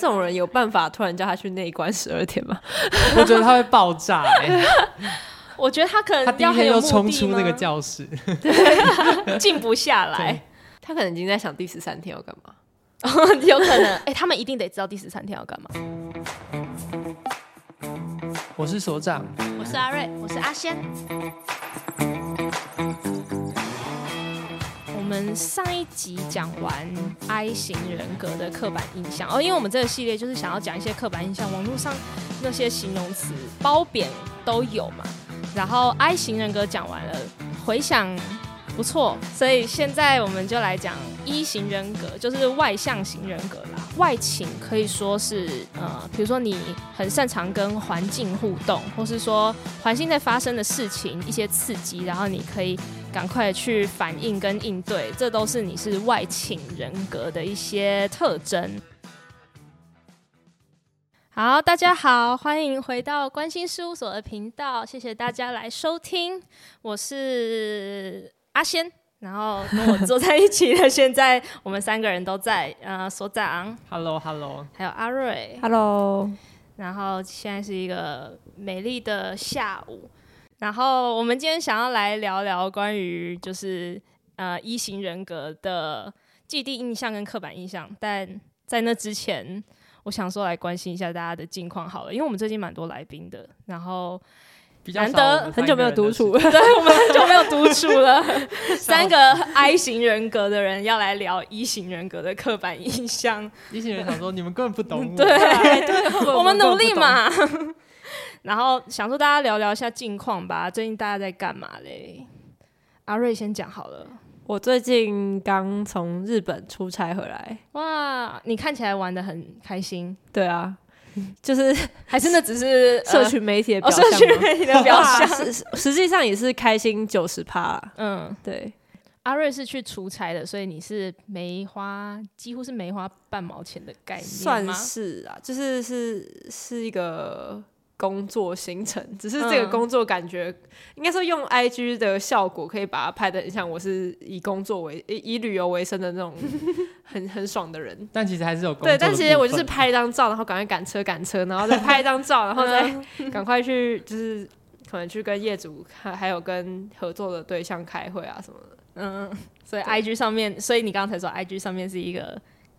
這種人有辦法突然叫他去內關十二天嗎？ 我覺得他會爆炸、欸。 我覺得他可能很有他第一天又衝出那個教室，對，靜不下來。他可能已經在想第十三天要幹嘛。 有可能，哎、 欸，他們一定得知道第十三天要幹嘛。我是所長，我是阿瑞，我是阿仙。嗯我們上一集講完 I 型人格的刻板印象哦，因為我們這個系列就是想要講一些刻板印象，網絡上那些形容詞褒貶都有嘛。然後 I 型人格講完了，回想不錯，所以現在我們就來講 E 型人格，就是外向型人格啦。外傾可以說是呃，比如說你很擅長跟環境互動，或是說環境在發生的事情一些刺激，然後你可以。趕快去反應跟應對，這都是你是外傾人格的一些特徵。好，大家好，歡迎回到觀心事務所的頻道，謝謝大家來收聽，我是阿仙，然後跟我坐在一起的，現在我們三個人都在。 呃，所長，Hello Hello，還有阿瑞，Hello，然後現在是一個美麗的下午。然後我們今天想要來聊聊關於就是呃 E 型人格的既定印象跟刻板印象，但在那之前，我想說來關心一下大家的近況好了，因為我們最近蠻多來賓的，然後比較難得很久沒有獨處，對， 我們很久沒有獨處了。三個 I 型人格的人要來聊 E 型人格的刻板印象， E 型人格想說你們根本不懂我，對, 對，對， 我們努力嘛。 然後想說大家聊聊一下近況吧，最近大家在幹嘛嘞？阿瑞先講好了，我最近剛從日本出差回來。哇，你看起來玩得很開心。對啊，就是，是還真的只是社群媒體的表象，呃哦，社群媒體的表象 實實際上也是開心九十趴。嗯，對。阿瑞是去出差的，所以你是沒花，幾乎是沒花半毛錢的概念。算是啊，就是是是一個。工作行程，只是這個工作感覺，嗯、應該說用 I G 的效果可以把它拍得很像我是以工作為以旅遊為生的那種很 很爽的人。但其實還是有工作的，對，但其實我就是拍一張照，然後趕快趕車趕車，然後再拍一張照， 然後再趕 快去就是可能去跟業主還還有跟合作的對象開會啊什麼的。嗯，所以 I G 上面，所以你剛才說 I G 上面是一個。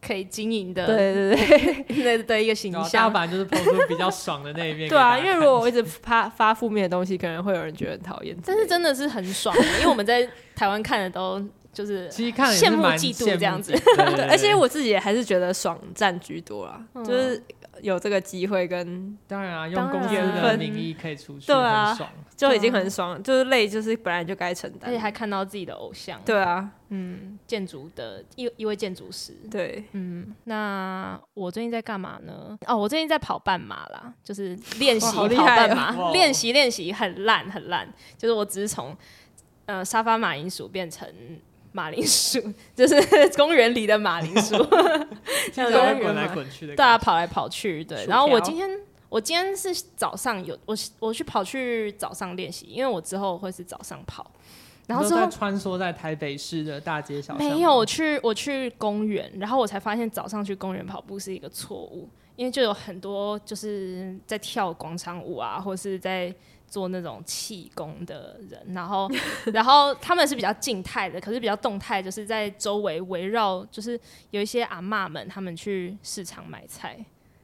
可以經營的對對對 那，的的一個形象，要、哦、就是 PO 出比較爽的那一面一。 對啊，因為如果我一直發發負面的東西，可能會有人覺得很討厭。但是真的是很爽， 因為我們在台灣看的都就是羨慕嫉妒這樣子，樣子，對對對對，而且我自己還是覺得爽佔居多啦，嗯、就是。有這個機會跟當然啊，用公司的名義可以出去，對啊，就已經很爽，啊、就是累，就是本來就該承擔，而且還看到自己的偶像，對啊，嗯，建築的一一位建築師，對，嗯，那我最近在幹嘛呢？哦，我最近在跑半馬啦，就是練習、喔、跑半馬，練習練習，很爛很爛，就是我只是從呃沙發馬鈴薯變成。馬鈴薯就是公園裡的馬鈴薯，這樣子滾來滾去的，大家跑來跑去。對，然後我今天，我今天是早上有，我我去跑，去早上練習，因為我之後我會是早上跑。然後之後穿梭在台北市的大街小巷。嗯。沒有我，我去我去公園，然後我才發現早上去公園跑步是一個錯誤，因為就有很多就是在跳廣場舞啊，或是在。做那種氣功的人，然後， 然後他們是比較靜態的，可是比較動態，就是在周圍圍繞，就是有一些阿嬤們，他們去市場買菜、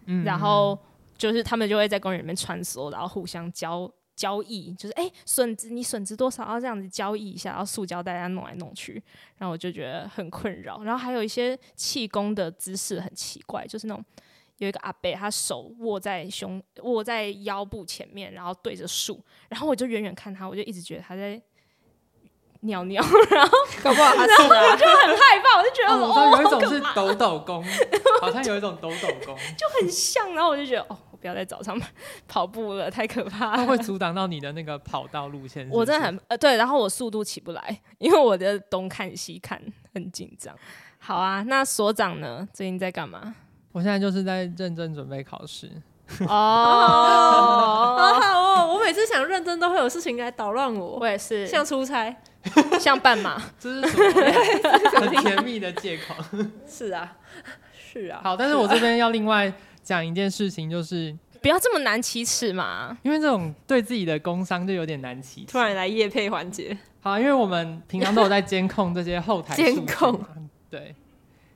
嗯，然後就是他們就會在公園裡面穿梭，然後互相交交易，就是誒，筍子，你筍子多少？要、啊、這樣子交易一下，要塑膠袋啊弄來弄去，然後我就覺得很困擾。然後還有一些氣功的姿勢很奇怪，就是那種。有一個阿伯，他手握在胸，握在腰部前面，然後對着樹，然後我就遠遠看他，我就一直覺得他在尿尿，然後，搞不好啊、然後我就很害怕， 我就覺得很哦，有一種是抖抖功、哦好，好像有一種抖抖功 就，就很像，然後我就覺得哦，我不要在早上跑步了，太可怕了，他會阻擋到你的那個跑道路線是不是。我真的很呃對，然後我速度起不來，因為我的東看西看很緊張。好啊，那所長呢？最近在幹嘛？我現在就是在認真準備考試，oh，哦，好 好哦。我每次想認真都會有事情來搗亂我。我也是， 像出差， 像半馬，這是什麼很甜蜜的借口 是，啊。是啊，是啊。好，是啊，但是我這邊要另外講一件事情，就是不要這麼難啟齒嘛。因為這種對自己的工商就有點難啟忽。突然來業配環節。好，啊，因為我們平常都有在監控這些後台監 控，對。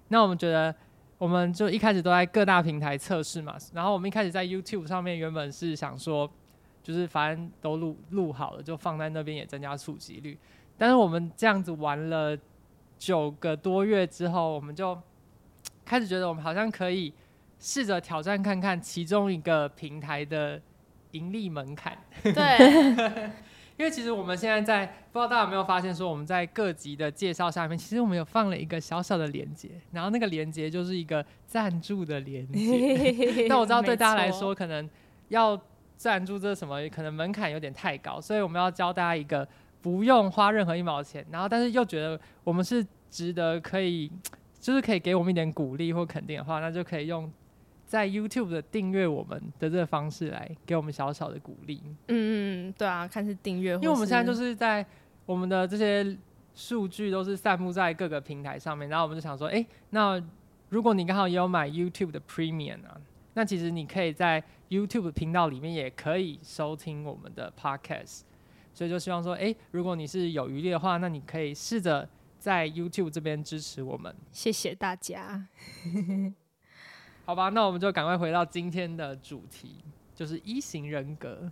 那我們覺得。我們就一開始都在各大平台測試嘛，然後我們一開始在 YouTube 上面原本是想說，就是反正都錄錄好了，就放在那邊也增加觸及率。但是我們這樣子玩了九個多月之後，我們就開始覺得我們好像可以試着挑戰看看其中一個平台的盈利門檻。對。 因為其實我們現在在不知道大家有沒有發現，說我們在各集的介紹下面，其實我們有放了一個小小的連結，然後那個連結就是一個贊助的連結。 但我知道對大家來說，可能要贊助這什麼，可能門檻有點太高，所以我們要教大家一個不用花任何一毛錢，然後但是又覺得我們是值得可以，就是可以給我們一點鼓勵或肯定的話，那就可以用。在 YouTube 的訂閱我們的這個方式來給我們小小的鼓勵。嗯嗯嗯，對啊，看是訂閱，因為我們現在就是在我們的這些數據都是散布在各個平台上面，然後我們就想說，誒，那如果你剛好也有買 YouTube 的 Premium 啊，那其實你可以在 YouTube 頻道裡面也可以收聽我們的 Podcast，所以就希望說，誒，如果你是有餘力的話，那你可以試着在 YouTube 這邊支持我們。謝謝大家。 好吧，那我們就趕快回到今天的主題，就是 E 型人格。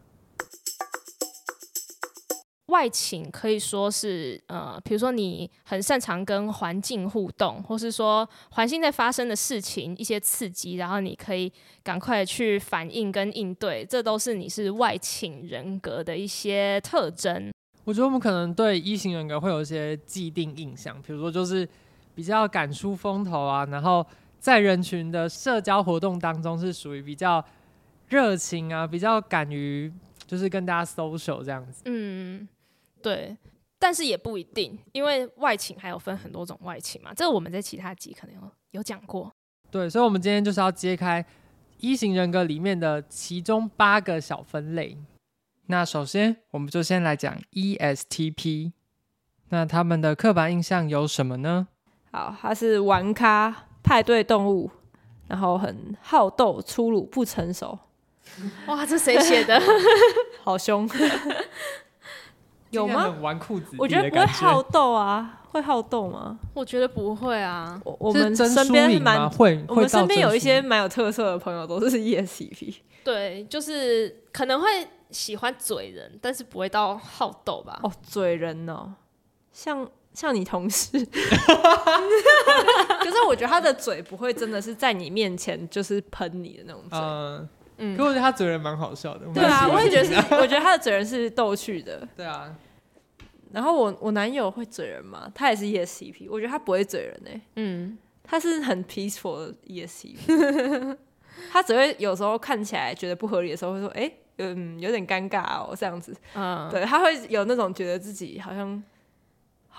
外傾可以說是呃，比如說你很擅長跟環境互動，或是說環境在發生的事情一些刺激，然後你可以趕快去反應跟應對，這都是你是外傾人格的一些特徵。我覺得我們可能對 E 型人格會有一些既定印象，比如說就是比較敢出風頭啊，然後。在人群的社交活動當中，是屬於比較熱情啊，比較敢於就是跟大家 social 這樣子。嗯，對，但是也不一定，因為外傾還有分很多種外傾嘛。這個我們在其他集可能有有講過。對，所以，我們今天就是要揭開 E 型人格裡面的其中八個小分類。那首先，我們就先來講 ESTP，那他們的刻板印象有什麼呢？好，他是玩咖、派對動物，然後很好鬥、粗魯、不成熟。哇，這誰寫的？ 好凶兇， 有嗎？我覺得不會好鬥啊？會好鬥嗎？我覺得不會啊。我們身邊蠻會，我們身邊、啊、有一些蠻有特色的朋友，都是 ESTP。對，就是可能會喜歡嘴人，但是不會到好鬥吧？哦，嘴人哦，像。像你同事 可是我覺得他的嘴不會真的是在你面前就是噴你的那種嘴，呃。嗯，我可是我覺得他嘴人蠻好笑的。對啊，我也覺得是， 我覺得他的嘴人是逗趣的。對啊。然後我我男友會嘴人嗎？他也是 E S T P，我覺得他不會嘴人哎，欸。嗯，他是很 peaceful E S T P， 他只會有時候看起來覺得不合理的時候會說：“哎，欸，嗯，有點尷尬哦，這樣子。嗯”嗯，對，他會有那種覺得自己好像。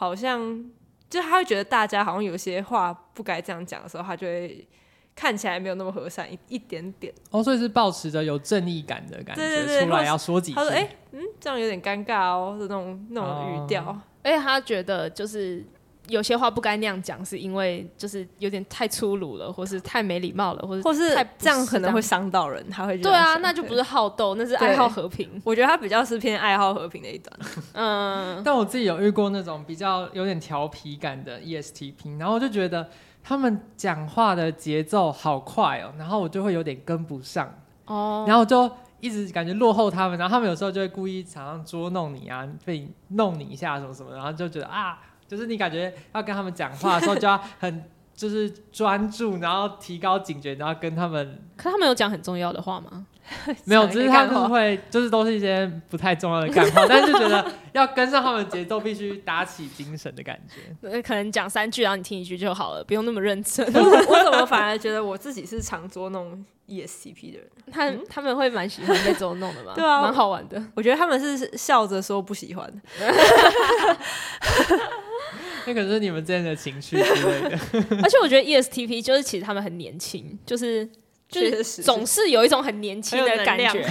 好像，就他會覺得大家好像有些話不該這樣講的時候，他就會看起來沒有那麼和善一一點點。哦，所以是保持着有正義感的感覺，出來對對對對要說幾句。他說：“哎、欸，嗯，這樣有點尷尬哦，是那種那種語調。嗯”而、欸、且他覺得就是。有些話不該那樣講，是因為就是有點太粗魯了，或是太沒禮貌了，或是，太是或是這樣可能會傷到人，他會覺得。對啊，那就不是好鬥，那是愛好和平。我覺得他比較是偏愛好和平的一段。 嗯， 但我自己有遇過那種比較有點調皮感的 E S T P，然後我就覺得他們講話的節奏好快哦、喔，然後我就會有點跟不上哦，oh. 然後就一直感覺落後他們，然後他們有時候就會故意常常捉弄你啊，被弄你一下什麼什麼，然後就覺得啊。就是你感覺要跟他們講話的時候，就要很就是專注，然後提高警覺，然後跟他們。 可他們有講很重要的話嗎？沒有，就是他們會，就是都是一些不太重要的幹話，但是覺得要跟上他們節奏，必須打起精神的感覺。可能講三句，然後你聽一句就好了，不用那麼認真。 我怎麼反而覺得我自己是常捉弄 E S T P 的人？嗯、他他們會蠻喜歡被捉弄的嘛？ 對啊，蠻好玩的。我覺得他們是笑着說不喜歡。 那可是你們之間的情緒對的。 而且我覺得 E S T P 就是其實他們很年輕，就是。就是總是有一種很年輕的感覺，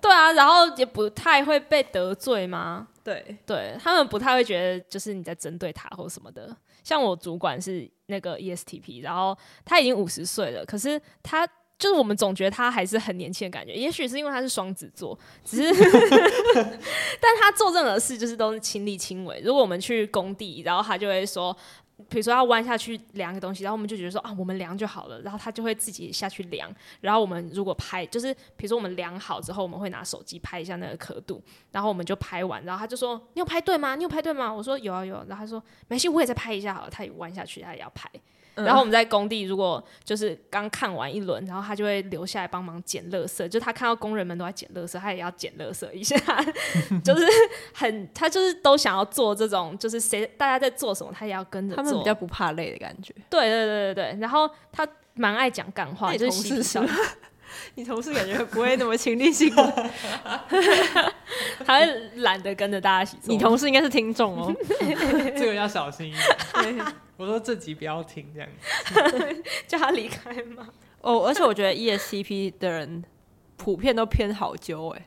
對啊，然後也不太會被得罪嗎？對，對他們不太會覺得就是你在針對他或什麼的。像我主管是那個 ESTP，然後他已經五十歲了，可是他就是我們總覺得他還是很年輕的感覺。也許是因為他是雙子座，只是， 但他做任何事就是都是親力親為。如果我們去工地，然後他就會說。比如說要彎下去量個東西，然後我們就覺得說啊，我們量就好了，然後他就會自己下去量。然後我們如果拍，就是比如說我們量好之後，我們會拿手機拍一下那個刻度，然後我們就拍完，然後他就說你有拍對嗎？你有拍對嗎？我說有啊有啊。然後他說沒關係，我也再拍一下，好了，他也彎下去，他也要拍。然後我們在工地，如果就是剛看完一輪，然後他就會留下來幫忙撿垃圾。就他看到工人們都在撿垃圾，他也要撿垃圾一下， 就是很他就是都想要做這種，就是誰大家在做什麼，他也要跟着做。他們比較不怕累的感覺。對對對對對，然後他蠻愛講幹話，同事是就是洗洗 你同事感覺不會那麼親力親，他會懶得跟着大家洗澡。 你同事應該是聽眾哦， 這個要小心一點 我說這集不要聽這樣子， 對笑叫他離開嗎？哦，而且我覺得 E S T P 的人普遍都偏好揪哎、欸，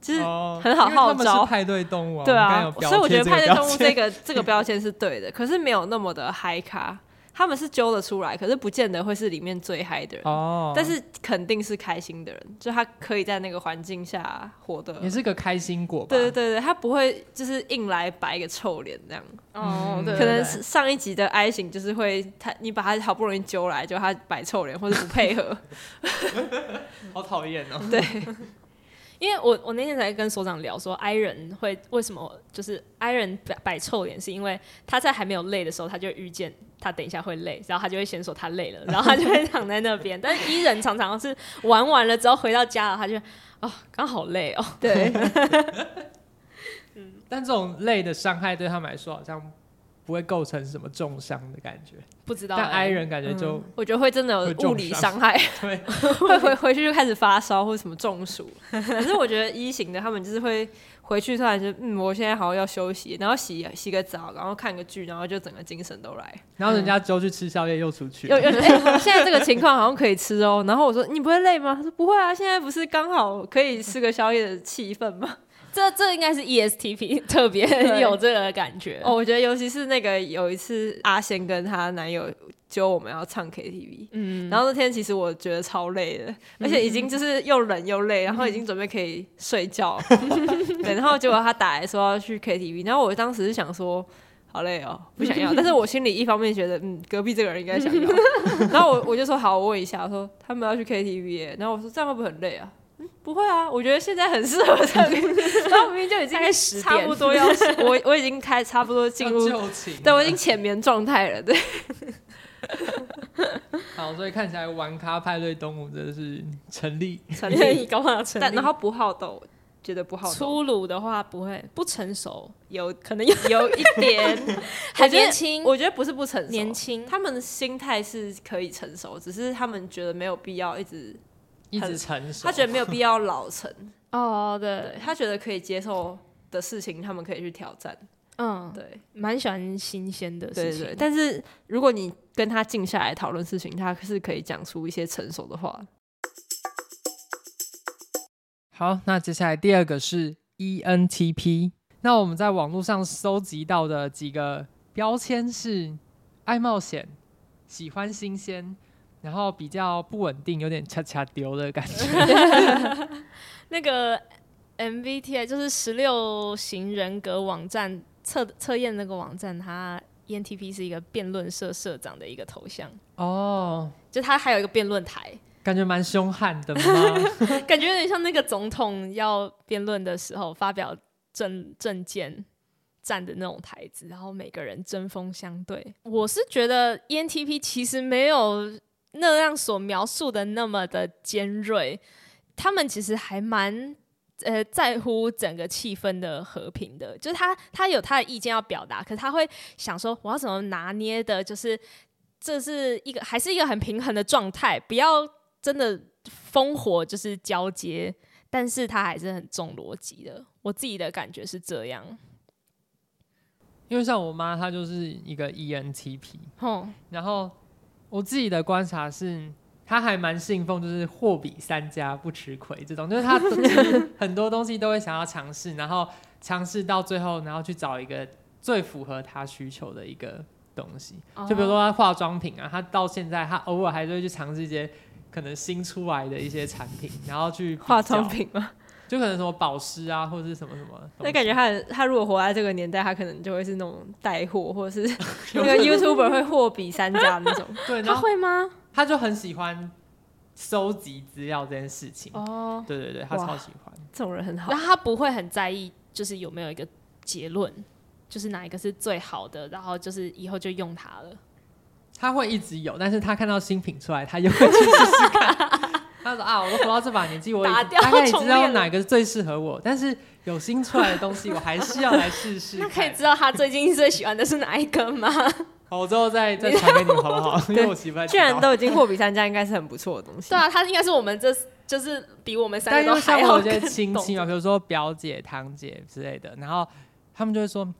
其實很好號召。他們是派對動物啊，對啊，所以我覺得派對動物這個 這個標籤是對的，可是沒有那麼的嗨咖。他們是揪得出來，可是不見得會是裡面最嗨的人、oh. 但是肯定是開心的人，就他可以在那個環境下活得，也是個開心果。對對對，他不會就是硬來擺個臭臉這樣哦、oh,。可能是上一集的 I 型就是會他，你把他好不容易揪來，就他擺臭臉或者不配合， 好討厭哦。對。因為我我那天才跟所長聊說，I 人會為什麼就是 I 人擺擺臭臉，是因為他在還沒有累的時候，他就預見他等一下會累，然後他就會先說他累了，然後他就會躺在那邊。 但 E 人常常是玩完了之後回到家了，他就啊剛、哦、好累哦，對。 但這種累的傷害對他們來說好像。不會構成什麼重傷的感覺，不知道、欸。但 I 人感覺就，嗯、我覺得會真的有物理傷害，有重傷、對，會回回去就開始發燒或者什麼中暑。可 是我覺得 E 型的他們就是會回去突然就嗯，我現在好像要休息，然後洗洗個澡，然後看個劇，然後就整個精神都來。然後人家就去吃宵夜又出去，又又哎，欸、現在這個情況好像可以吃哦，喔。然後我說你不會累嗎？他說不會啊，現在不是剛好可以吃個宵夜的氣氛嗎？這這應該是 ESTP 特別有這個的感覺哦。我覺得尤其是那個有一次阿仙跟她男友揪我們要唱 K T V、嗯、然後那天其實我覺得超累的，而且已經就是又冷又累，嗯、然後已經準備可以睡覺、嗯，對，然後結果他打來說要去 K T V，然後我當時是想說好累哦，不想要、嗯，但是我心裡一方面覺得嗯，隔壁這個人應該想要，嗯、然後我我就說好，我問一下，我說他們要去 K T V、欸、然後我說這樣會不會很累啊？不會啊，我覺得現在很適合成、這、立、個。那 我就已經開始，差不多要 我我已經開差不多進入、 啊，對，我已經淺眠狀態了。對， 好，所以看起來玩咖派對動物真的是成立，成立，幹嘛成立。但然後不好鬥，覺得不好鬥。粗魯的話不會，不成熟有可能有有一點 還覺得 年輕。我覺得不是不成熟，年輕，他們的心態是可以成熟，只是他們覺得沒有必要一直。一直成熟，他覺得沒有必要老成 哦對。對，他覺得可以接受的事情，他們可以去挑戰。嗯，對，蠻喜歡新鮮的事情。對，對，對，但是如果你跟他靜下來討論事情，他是可以講出一些成熟的話。好，那接下來第二個是 ENTP。那我們在網絡上蒐集到的幾個標籤是：愛冒險、喜歡新鮮。然後比較不穩定，有點恰恰丟的感覺。 那個 MBTI 就是十六型人格網站測測驗那個網站，他 ENTP 是一個辯論社社長的一個頭像哦，oh, 就他還有一個辯論台，感覺蠻凶悍的嘛， 感覺有點像那個總統要辯論的時候發表政政見站的那種台子，然後每個人針鋒相對。我是覺得 ENTP 其實沒有。那樣所描述的那麼的尖銳，他們其實還蠻呃在乎整個氣氛的和平的。就是他他有他的意見要表達，可是他會想說我要怎麼拿捏的，就是這是一個還是一個很平衡的狀態，不要真的烽火就是交接，但是他還是很重邏輯的。我自己的感覺是這樣，因為像我媽她就是一個 ENTP，嗯，然後。我自己的觀察是，他還蠻信奉就是貨比三家不吃虧這種，就是他就是很多東西都會想要嘗試，然後嘗試到最後，然後去找一個最符合他需求的一個東西。就比如說他化妝品啊，他到現在他偶爾還是會去嘗試一些可能新出來的一些產品，然後去化妝品嗎？就可能什麼保濕啊，或者是什麼什麼，那感覺他他如果活在這個年代，他可能就會是那種帶貨，或者是那個 YouTuber 會貨比三家那種。 對，他會嗎？他就很喜歡收集資料這件事情。哦，對對對，他超喜歡。這種人很好。那他不會很在意，就是有沒有一個結論，就是哪一個是最好的，然後就是以後就用它了。他會一直有，但是他看到新品出來，他又會去試試看。 他說啊，我都活到這把年紀，我大概知道哪個是最適合我，但是有新出來的東西， 我還是要來試試。 那可以知道他最近最喜歡的是哪一個嗎？ 好，我之後再再傳給你們好不好？ 對，居然都已經貨比三家，應該是很不錯的東西。 對啊，他應該是我們這就是比我們三個還要更懂。親戚嘛，比如說表姐、堂姐之類的，然後他們就會說，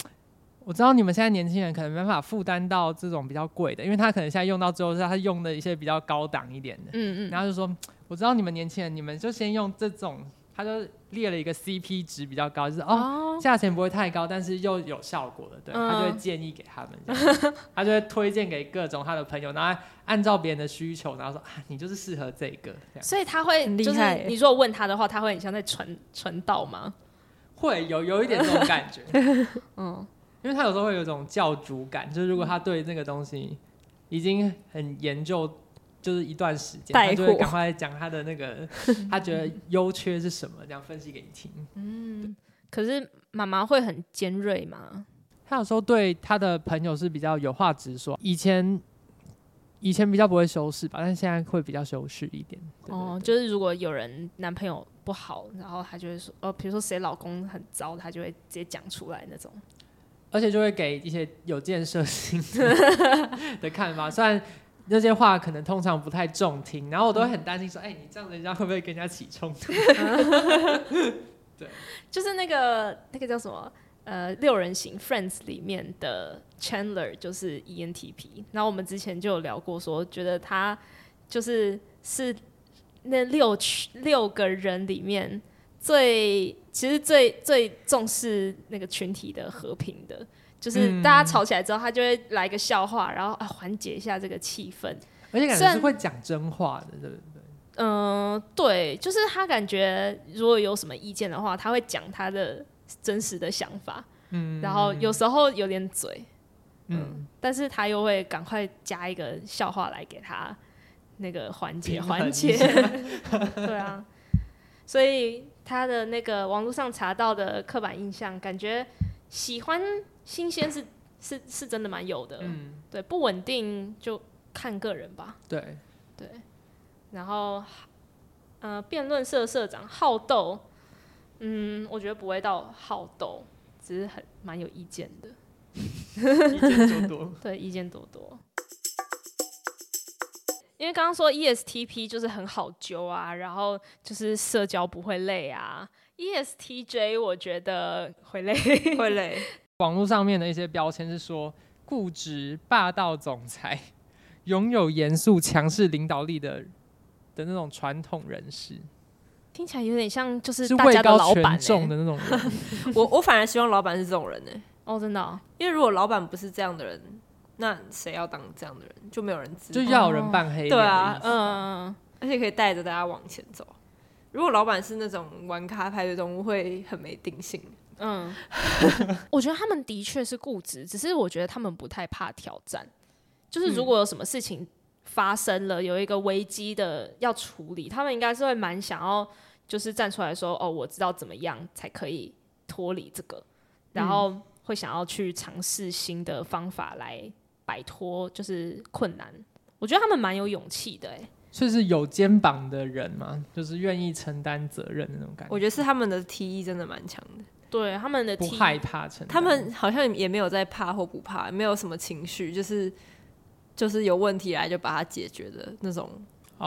我知道你們現在年輕人可能沒辦法負擔到這種比較貴的，因為他可能現在用到之後是他用的一些比較高檔一點的，嗯嗯，然後就說。我知道你們年輕人，你們就先用這種，他就列了一個 CP 值比較高，就是哦，價、oh. 錢不會太高，但是又有效果的，對、uh. 他就會建議給他們， 他就會推薦給各種他的朋友，然後按照別人的需求，然後說啊，你就是適合這個這樣，所以他會就是你如果問他的話，他會很像在傳傳道嗎？會有有一點這種感覺，嗯 因為他有時候會有一種教主感，就是如果他對那個東西已經很研究。就是一段時間，他就會趕快講他的那個， 他覺得優缺是什麼，這樣分析給你聽。嗯，可是媽媽會很尖銳嗎？她有時候對她的朋友是比較有話直說，以前以前比較不會修飾吧，但現在會比較修飾一點，對對對。哦，就是如果有人男朋友不好，然後她就會說，哦、呃，比如說誰老公很糟，她就會直接講出來那種，而且就會給一些有建設性的看法，雖然。那些話可能通常不太中聽，然後我都會很擔心說：“哎、嗯欸，你這樣的人家會不會跟人家起衝突？” 對，就是那個那個叫什麼呃，六人行 Friends 裡面的 Chandler 就是 ENTP，然後我們之前就有聊過說，覺得他就是是那六六個人裡面最其實最最重視那個群體的和平的。就是大家吵起來之後，嗯，他就會來個笑話，然後啊緩解一下這個氣氛。而且感覺是會講真話的，對不對，對？嗯，呃，對，就是他感覺如果有什麼意見的話，他會講他的真實的想法。嗯，然後有時候有點嘴，嗯，嗯，但是他又會趕快加一個笑話來給他那個緩解緩解。解 對啊，所以他的那個網絡上查到的刻板印象，感覺喜歡。新鮮是是是真的蠻有的，嗯、對不穩定就看個人吧。對對，然後嗯，辯論社社長好鬥，嗯，我覺得不會到好鬥，只是很蠻有意見的，意 見多多。 對，意見多多。 因為剛剛說 E S T P 就是很好揪啊，然後就是社交不會累啊。E S T J 我覺得會累， 會累。網絡上面的一些標籤是說，固執、霸道總裁，擁有嚴肅、強勢領導力的的那種傳統人士，聽起來有點像就是大家的老闆、欸、位高權重的那種人。 我我反而希望老板是這種人呢、欸。哦，真的，因為如果老板不是這樣的人，那誰要當這樣的人？就沒有人知道就要有人扮黑、哦，對啊，嗯，而且可以帶着大家往前走。如果老板是那種玩咖牌的動物，會很沒定性。嗯 我，我覺得他們的確是固執，只是我覺得他們不太怕挑戰。就是如果有什麼事情發生了，嗯、有一個危機的要處理，他們應該是會蠻想要，就是站出來說：“哦，我知道怎麼樣才可以脫離這個，然後會想要去嘗試新的方法來擺脫就是困難。”我覺得他們蠻有勇氣的、欸，哎，就是有肩膀的人嘛，就是願意承擔責任的那種感覺。我覺得是他們的 T E 真的蠻強的。對他們的 T... 不害怕，他們好像也沒有在怕或不怕，沒有什麼情緒，就是就是有問題來就把它解決的那種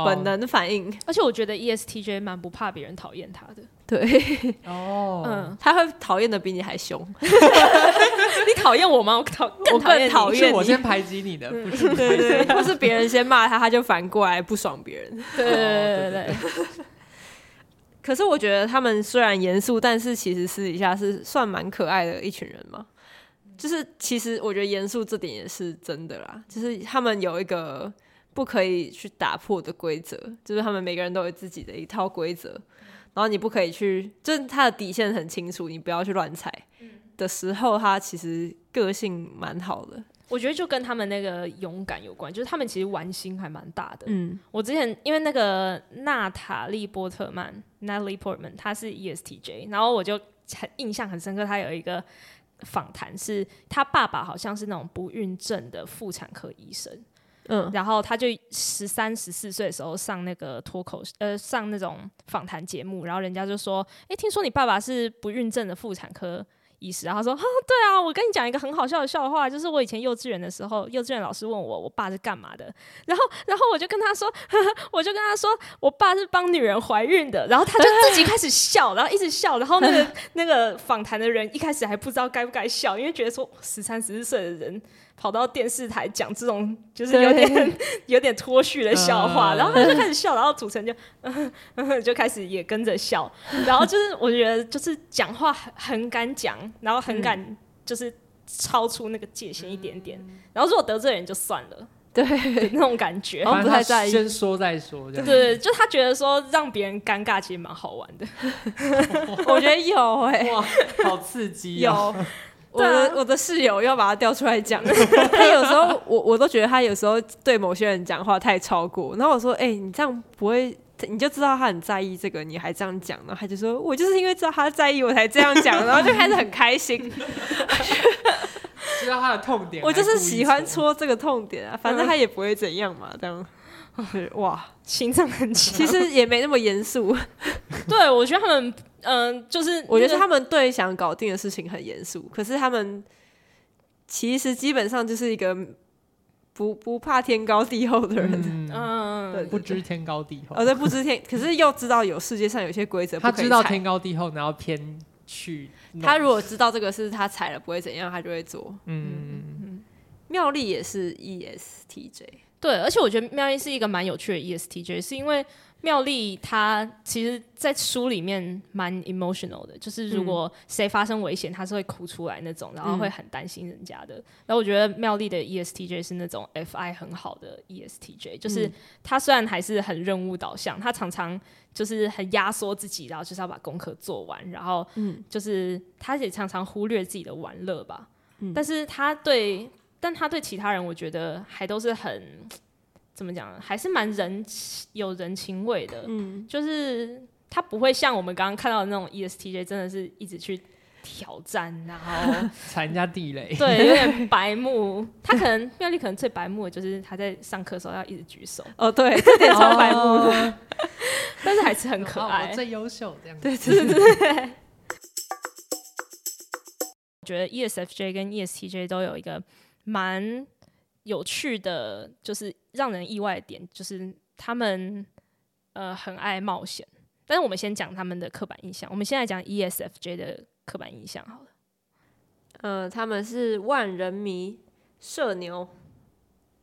本能的反應、哦。而且我覺得 ESTJ 蠻不怕別人討厭他的，對哦，嗯，他會討厭的比你還兇。 你討厭我嗎？我討，更討厭你。我，你我先排擠你的，嗯、不是別、嗯、人先罵他， 他就反過來不爽別人。對對對對對，對。 可是我覺得他們雖然嚴肅，但是其實私底下是算蠻可愛的一群人嘛。就是其實我覺得嚴肅這點也是真的啦。就是他們有一個不可以去打破的規則，就是他們每個人都有自己的一套規則，然後你不可以去，就是他的底線很清楚，你不要去亂踩的時候，他其實個性蠻好的。我覺得就跟他們那個勇敢有關，就是他們其實玩心還蠻大的。嗯，我之前因為那個娜塔莉波特曼 （Natalie Portman），她是 ESTJ，然後我就很印象很深刻，她有一個訪談，是她爸爸好像是那種不孕症的婦產科醫生。嗯，然後她就十三、十四歲的時候上那個脫口呃上那種訪談節目，然後人家就說：“哎、欸，聽說你爸爸是不孕症的婦產科。”意思，然後說，哦，對啊，我跟你講一個很好笑的笑話，就是我以前幼稚園的時候，幼稚園老師問我，我爸是幹嘛的，然後，然後我就跟他說，呵呵，我就跟他說，我爸是幫女人懷孕的，然後他就自己開始笑，然後一直笑，然後那個 那個訪談的人一開始還不知道該不該笑，因為覺得說十三、十四歲的人。跑到電視台講這種就是有點 有點脫序的笑話，嗯、然後他就開始笑、嗯，然後主持人就、嗯、就開始也跟着笑、嗯，然後就是我覺得就是講話很敢講，然後很敢就是超出那個界限一點點、嗯，然後如果得罪人就算了，嗯、對那種感覺不太在意。先說再說，對對，就是、他覺得說讓別人尷尬其實蠻好玩的， 我覺得有哎、欸，哇，好刺激、哦， 有。我的、啊、我的室友要把他調出來講， 他有時候我我都覺得他有時候對某些人講話太超過，然後我說，哎、欸，你這樣不會，你就知道他很在意這個，你還這樣講，呢，他就說，我就是因為知道他在意，我才這樣講， 然後就開始很開心， 知道他的痛點，我就是喜歡戳這個痛點啊，反正他也不會怎樣嘛，這樣。嗯、哇，心臟很強。其實也沒那麼嚴肅。對，我覺得他們，嗯、呃，就是、那個，我覺得他們對想搞定的事情很嚴肅。可是他們其實基本上就是一個不不怕天高地厚的人，嗯對對對對，不知天高地厚。哦，對，不知天，可是又知道有世界上有些規則，他知道天高地厚，然後偏去。他如果知道這個是他踩了，不會怎樣，他就會做。嗯嗯嗯。妙麗也是 ESTJ。對，而且我覺得妙麗是一個蠻有趣的 ESTJ，是因為妙麗她其實在書裡面蠻 emotional 的，就是如果誰發生危險，她是會哭出來那種，然後會很擔心人家的。嗯。然後我覺得妙麗的 ESTJ 是那種 Fi 很好的 ESTJ，就是她雖然還是很任務導向，她常常就是很壓縮自己，然後就是要把功課做完，然後就是她也常常忽略自己的玩樂吧。嗯。但是她對。但他對其他人，我覺得還都是很怎麼講，還是蠻人有人情味的。嗯，就是他不會像我們剛剛看到的那種 ESTJ，真的是一直去挑戰，然後踩人家地雷，對，有點白目。 他可能妙麗可能最白目的就是他在上課的時候要一直舉手。哦，對，這點超白目。哦、 但是還是很可愛，哦哦、最優秀這樣。對，是是是。 我覺得 ESFJ 跟 ESTJ 都有一個。蠻有趣的，就是讓人意外的點，就是他們呃很愛冒險。但是我們先講他們的刻板印象，我們先來講 ESFJ 的刻板印象好了。呃，他們是萬人迷，社牛，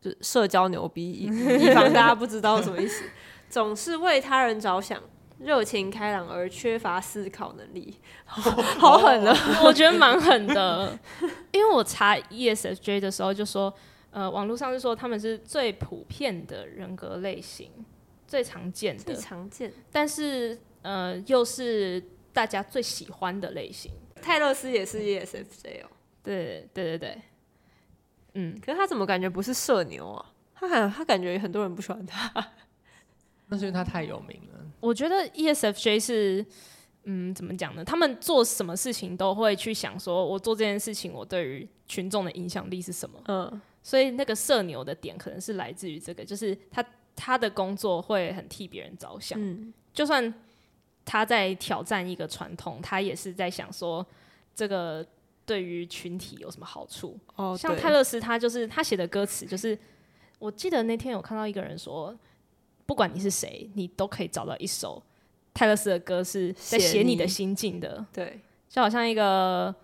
就社交牛逼，以防 大家不知道什麼意思， 總是為他人着想。熱情開朗而缺乏思考能力， 好狠啊了， 我覺得蠻狠的。 因為我查 ESFJ 的時候就說，呃，網絡上就說他們是最普遍的人格類型，最常見的，常見。但是呃，又是大家最喜歡的類型。泰勒斯也是 ESFJ 哦。對對對對，嗯。可是他怎麼感覺不是社牛啊？他很，他感覺很多人不喜歡他。 那是因為他太有名了。我覺得 ESFJ 是，嗯，怎麼講呢？他們做什麼事情都會去想說，說我做這件事情，我對於群眾的影響力是什麼？嗯，所以那個社牛的點可能是來自於這個，就是他他的工作會很替別人着想。嗯，就算他在挑戰一個傳統，他也是在想說這個對於群體有什麼好處？哦，像泰勒斯，他就是他寫的歌詞，就是我記得那天有看到一個人說。不管你是誰，你都可以找到一首泰勒斯的歌是在寫你的心境的。對，就好像一個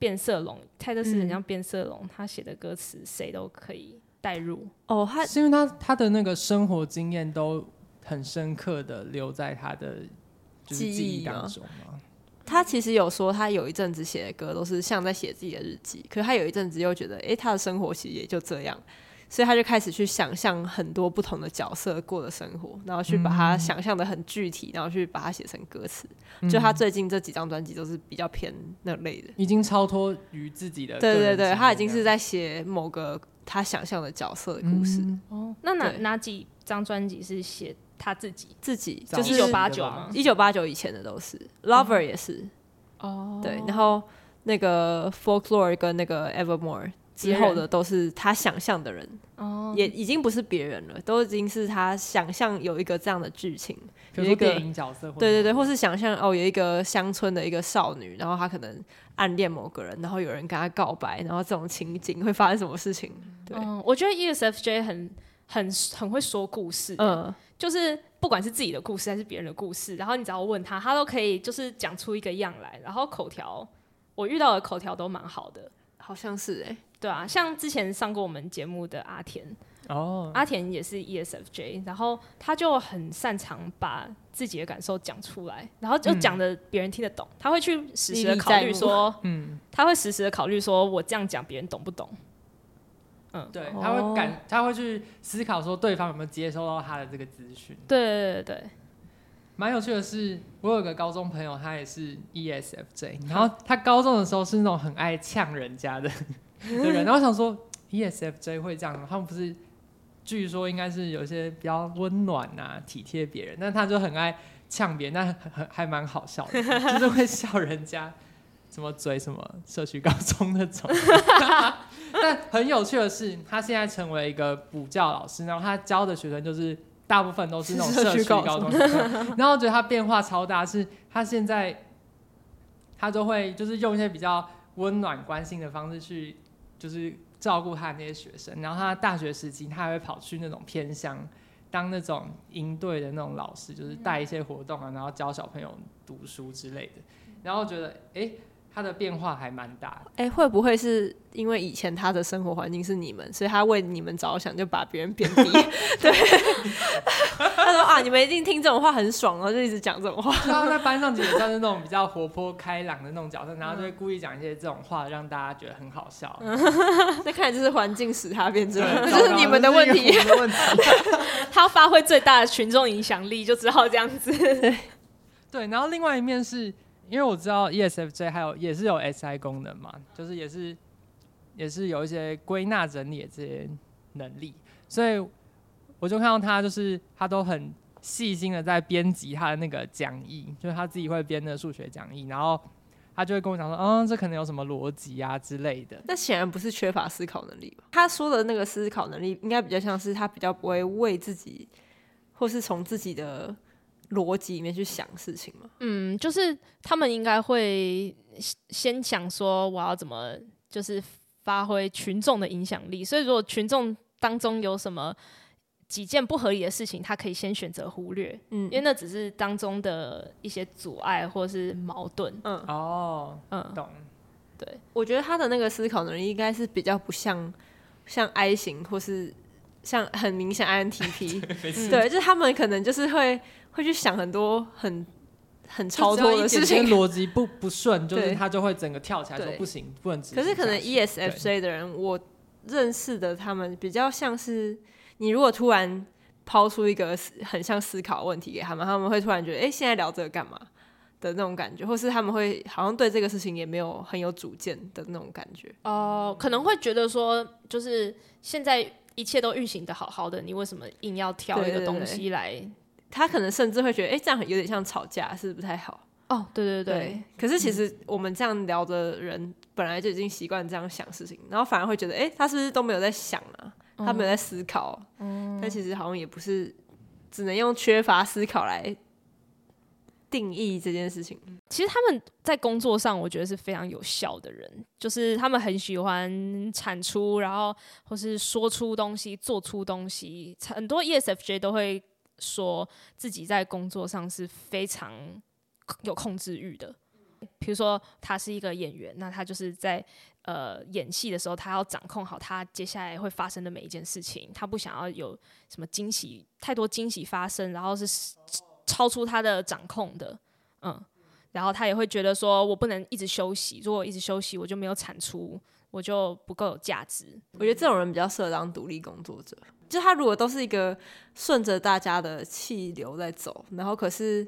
變色龍，泰勒斯很像變色龍，嗯、他寫的歌詞誰都可以帶入。哦，他是因為他他的那個生活經驗都很深刻的留在他的就是記憶當中嗎？記憶哦。他其實有說，他有一陣子寫的歌都是像在寫自己的日記，可是他有一陣子又覺得，哎，他的生活其實也就這樣。所以他就開始去想象很多不同的角色過的生活，然後去把他想象得很具體，嗯，然後去把它寫成歌詞，嗯。就他最近這幾張專輯都是比較偏那類的，已經超脫於自己的。對對對，他已經是在寫某個他想象的角色的故事。嗯嗯哦，那哪哪幾張專輯是寫他自己？自己就是一九八九，一九八九以前的都是，Lover 也是，嗯。對，然後那個 Folklore 跟那個 Evermore。之後的都是他想象的人，人 oh. 也已經不是別人了，都已經是他想象有一個這樣的劇情，比如說電影角色，對對對，或是想象哦，有一個鄉村的一個少女，然後她可能暗戀某個人，然後有人跟她告白，然後這種情景會發生什麼事情？對，uh, 我覺得 ESFJ 很很很會說故事，嗯，就是不管是自己的故事還是別人的故事，然後你只要問他，他都可以就是講出一個樣來，然後口條，我遇到的口條都蠻好的，好像是哎、欸。對啊，像之前上過我們節目的阿田，哦、oh.，阿田也是 ESFJ，然後他就很擅長把自己的感受講出來，然後就講得別人聽得懂，嗯、他會去實時的考慮說，嗯，他會實時的考慮說我這樣講別人懂不懂？嗯，對，oh. 他會感他會去思考說對方有沒有接收到他的這個資訊？對對對對，蠻有趣的是，我有一個高中朋友，他也是 ESFJ，、嗯、然後他高中的時候是那種很愛嗆人家的。的人，然後想說，ESFJ 會這樣，他們不是，據說應該是有些比較溫暖吶、啊、體貼別人，但他就很愛嗆別人，但還還蠻好笑的，就是會笑人家什麼追什麼社區高中那種。 但很有趣的是，他現在成為一個補教老師，然後他教的學生就是大部分都是那種社區高中學生， 然後我覺得他變化超大，是他現在他就會就是用一些比較溫暖、關心的方式去。就是照顧他那些學生，然後他大學時期，他還會跑去那種偏鄉，當那種營隊的那種老師，就是帶一些活動啊，然後教小朋友讀書之類的，然後覺得誒。欸他的變化還蠻大的。哎、欸，會不會是因為以前他的生活環境是你們，所以他為你們着想，就把別人貶低？ 對， 他說啊，你們一定聽這種話很爽，哦，就一直講這種話。然後在班上其實算是那種比較活潑開朗的那種角色，然後就會故意講一些這種話，讓大家覺得很好笑。再、嗯、看， 對 就是環境使他變成，這是你們的問題。 他發揮最大的群眾影響力，就只好這樣子。 對，然後另外一面是。因為我知道 ESFJ 還有也是有 SI 功能嘛，就是也是也是有一些歸納整理這些能力，所以我就看到他就是他都很細心的在編輯他的那個講義，就是他自己會編的數學講義，然後他就會跟我講說，嗯，這可能有什麼邏輯啊之類的。那顯然不是缺乏思考能力吧？他說的那個思考能力應該比較像是他比較不會為自己或是從自己的。邏輯裡面去想事情嘛，嗯，就是他們應該會先想說我要怎麼就是發揮群眾的影響力，所以如果群眾當中有什麼幾件不合理的事情，他可以先選擇忽略，嗯，因為那只是當中的一些阻礙或是矛盾嗯。嗯，哦，嗯，懂。對，我覺得他的那個思考能力應該是比較不像像 I 型或是像很明顯 INTP， 對、嗯、對，就是他們可能就是會。會去想很多很很超脫的事情，邏輯 不不順，就是他就會整個跳起來說不行，不能行。可是可能 ESFJ 的人，我認識的他們比較像是，你如果突然拋出一個很像思考問題給他們，他們會突然覺得哎、欸，現在聊這個幹嘛的那種感覺，或是他們會好像對這個事情也沒有很有主見的那種感覺哦、呃，可能會覺得說，就是現在一切都運行的好好的，你為什麼硬要挑一個東西來？對對對對。他可能甚至會覺得，哎、欸，這樣有點像吵架，是不是不太好？哦，對對對。對，可是其實我們這樣聊的人，嗯、本來就已經習慣這樣想事情，然後反而會覺得，哎、欸，他是不是都沒有在想啊、嗯？他沒有在思考。嗯。但其實好像也不是，只能用缺乏思考來定義這件事情。其實他們在工作上，我覺得是非常有效的人，就是他們很喜歡產出，然後或是說出東西、做出東西。很多 ESFJ 都會。說自己在工作上是非常有控制慾的，比如說他是一個演員，那他就是在呃演戲的時候，他要掌控好他接下來會發生的每一件事情，他不想要有什麼驚喜，太多驚喜發生，然後是超出他的掌控的，嗯，然後他也會覺得說我不能一直休息，如果一直休息，我就沒有產出。我就不夠有價值。我覺得這種人比較適合當獨立工作者。就他如果都是一個順着大家的氣流在走，然後可是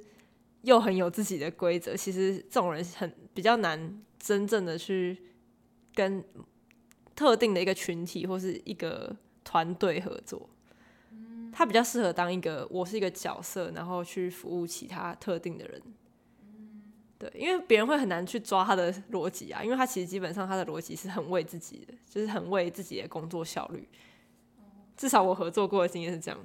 又很有自己的規則，其實這種人很比較難真正的去跟特定的一個群體或是一個團隊合作。他比較適合當一個我是一個角色，然後去服務其他特定的人。對，因為別人會很難去抓他的邏輯啊，因為他其實基本上他的邏輯是很為自己的，就是很為自己的工作效率。至少我合作過的經驗是這樣。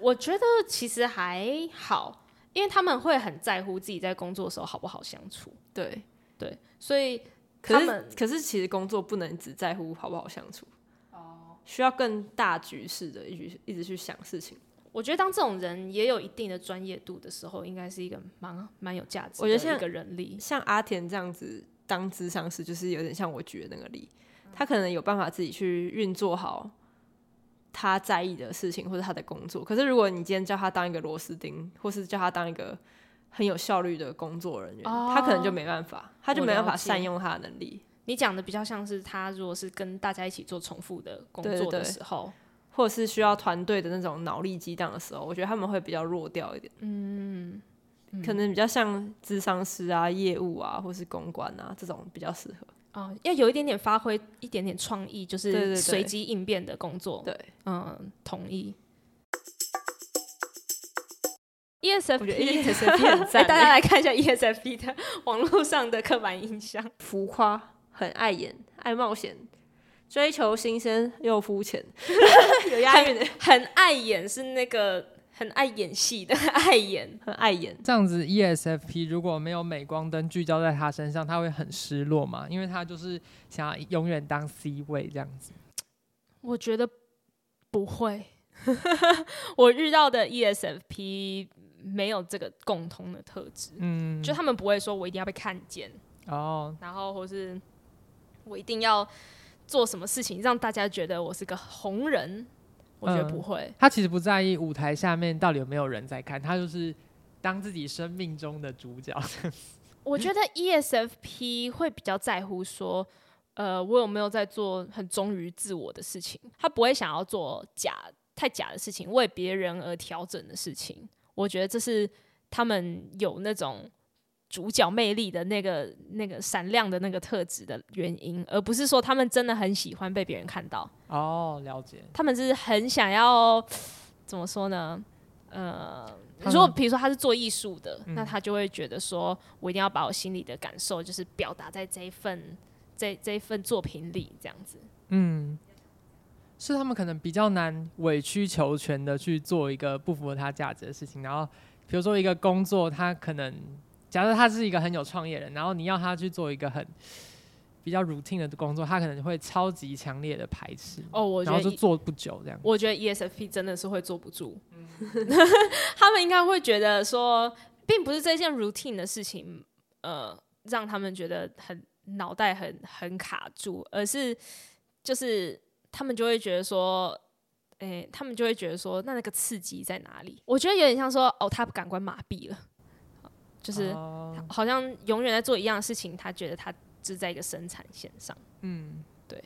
我覺得其實還好，因為他們會很在乎自己在工作的時候好不好相處。對對，所以他們可是，可是其實工作不能只在乎好不好相處，哦，需要更大局勢的一直一直去想事情。我覺得當這種人也有一定的專業度的時候，應該是一個蠻蠻有價值的一個人力。像，像阿田這樣子當諮商師，就是有點像我舉的那個例，他可能有辦法自己去運作好他在意的事情或者他的工作。可是如果你今天叫他當一個螺絲釘，或是叫他當一個很有效率的工作人員，oh, 他可能就沒辦法，他就沒辦法善用他的能力。你講的比較像是他如果是跟大家一起做重複的工作的時候。對對對或者是需要團隊的那種腦力激盪的時候，我覺得他們會比較弱掉一點。嗯，嗯，可能比較像諮商師啊、業務啊，或是公關啊這種比較適合啊、哦，要有一點點發揮、一點點創意，就是隨機應變的工作。對，對，對，嗯對，同意。ESFP，我覺得 ESFP、 欸、大家來看一下 ESFP 的網絡上的刻板印象：浮誇、很愛演、愛冒險。追求新鮮又膚淺， 有押韻的、 那個，很愛演是那個很愛演戲的，愛演很愛演這樣子。E S F P 如果沒有鎂光燈聚焦在他身上，他會很失落嘛？因為他就是想要永遠當 C 位這樣子。我覺得不會， 我遇到的 E S F P 沒有這個共通的特質，嗯，就他們不會說我一定要被看見哦，然後或是我一定要。做什麼事情讓大家覺得我是個紅人？嗯，我覺得不會。他其實不在意舞台下面到底有沒有人在看，他就是當自己生命中的主角。 我覺得 ESFP 會比較在乎說，呃，我有沒有在做很忠於自我的事情。他不會想要做假、太假的事情，為別人而調整的事情。我覺得這是他們有那種。主角魅力的那個、那個閃亮的那個特質的原因，而不是說他們真的很喜歡被別人看到。哦，了解。他們是很想要，怎麼說呢？呃，如果比如說他是做藝術的、嗯，那他就會覺得說我一定要把我心裡的感受，就是表達在這一份、這這一份作品裡，這樣子。嗯，是他們可能比較難委曲求全的去做一個不符合他價值的事情。然後，比如說一個工作，他可能。假設他是一個很有創業人，然後你要他去做一個很比較 routine 的工作，他可能會超級強烈的排斥哦我覺得，然後就做不久這樣。我覺得 ESFP 真的是會坐不住，嗯、 他們應該會覺得說，並不是這件 routine 的事情呃讓他們覺得很腦袋很很卡住，而是就是他們就會覺得說，哎，他們就會覺得說，那那個刺激在哪裡？我覺得有點像說，哦，他感官麻痹了。就是、uh... 好像永遠在做一樣的事情，他覺得他只在一個生產線上。嗯，對。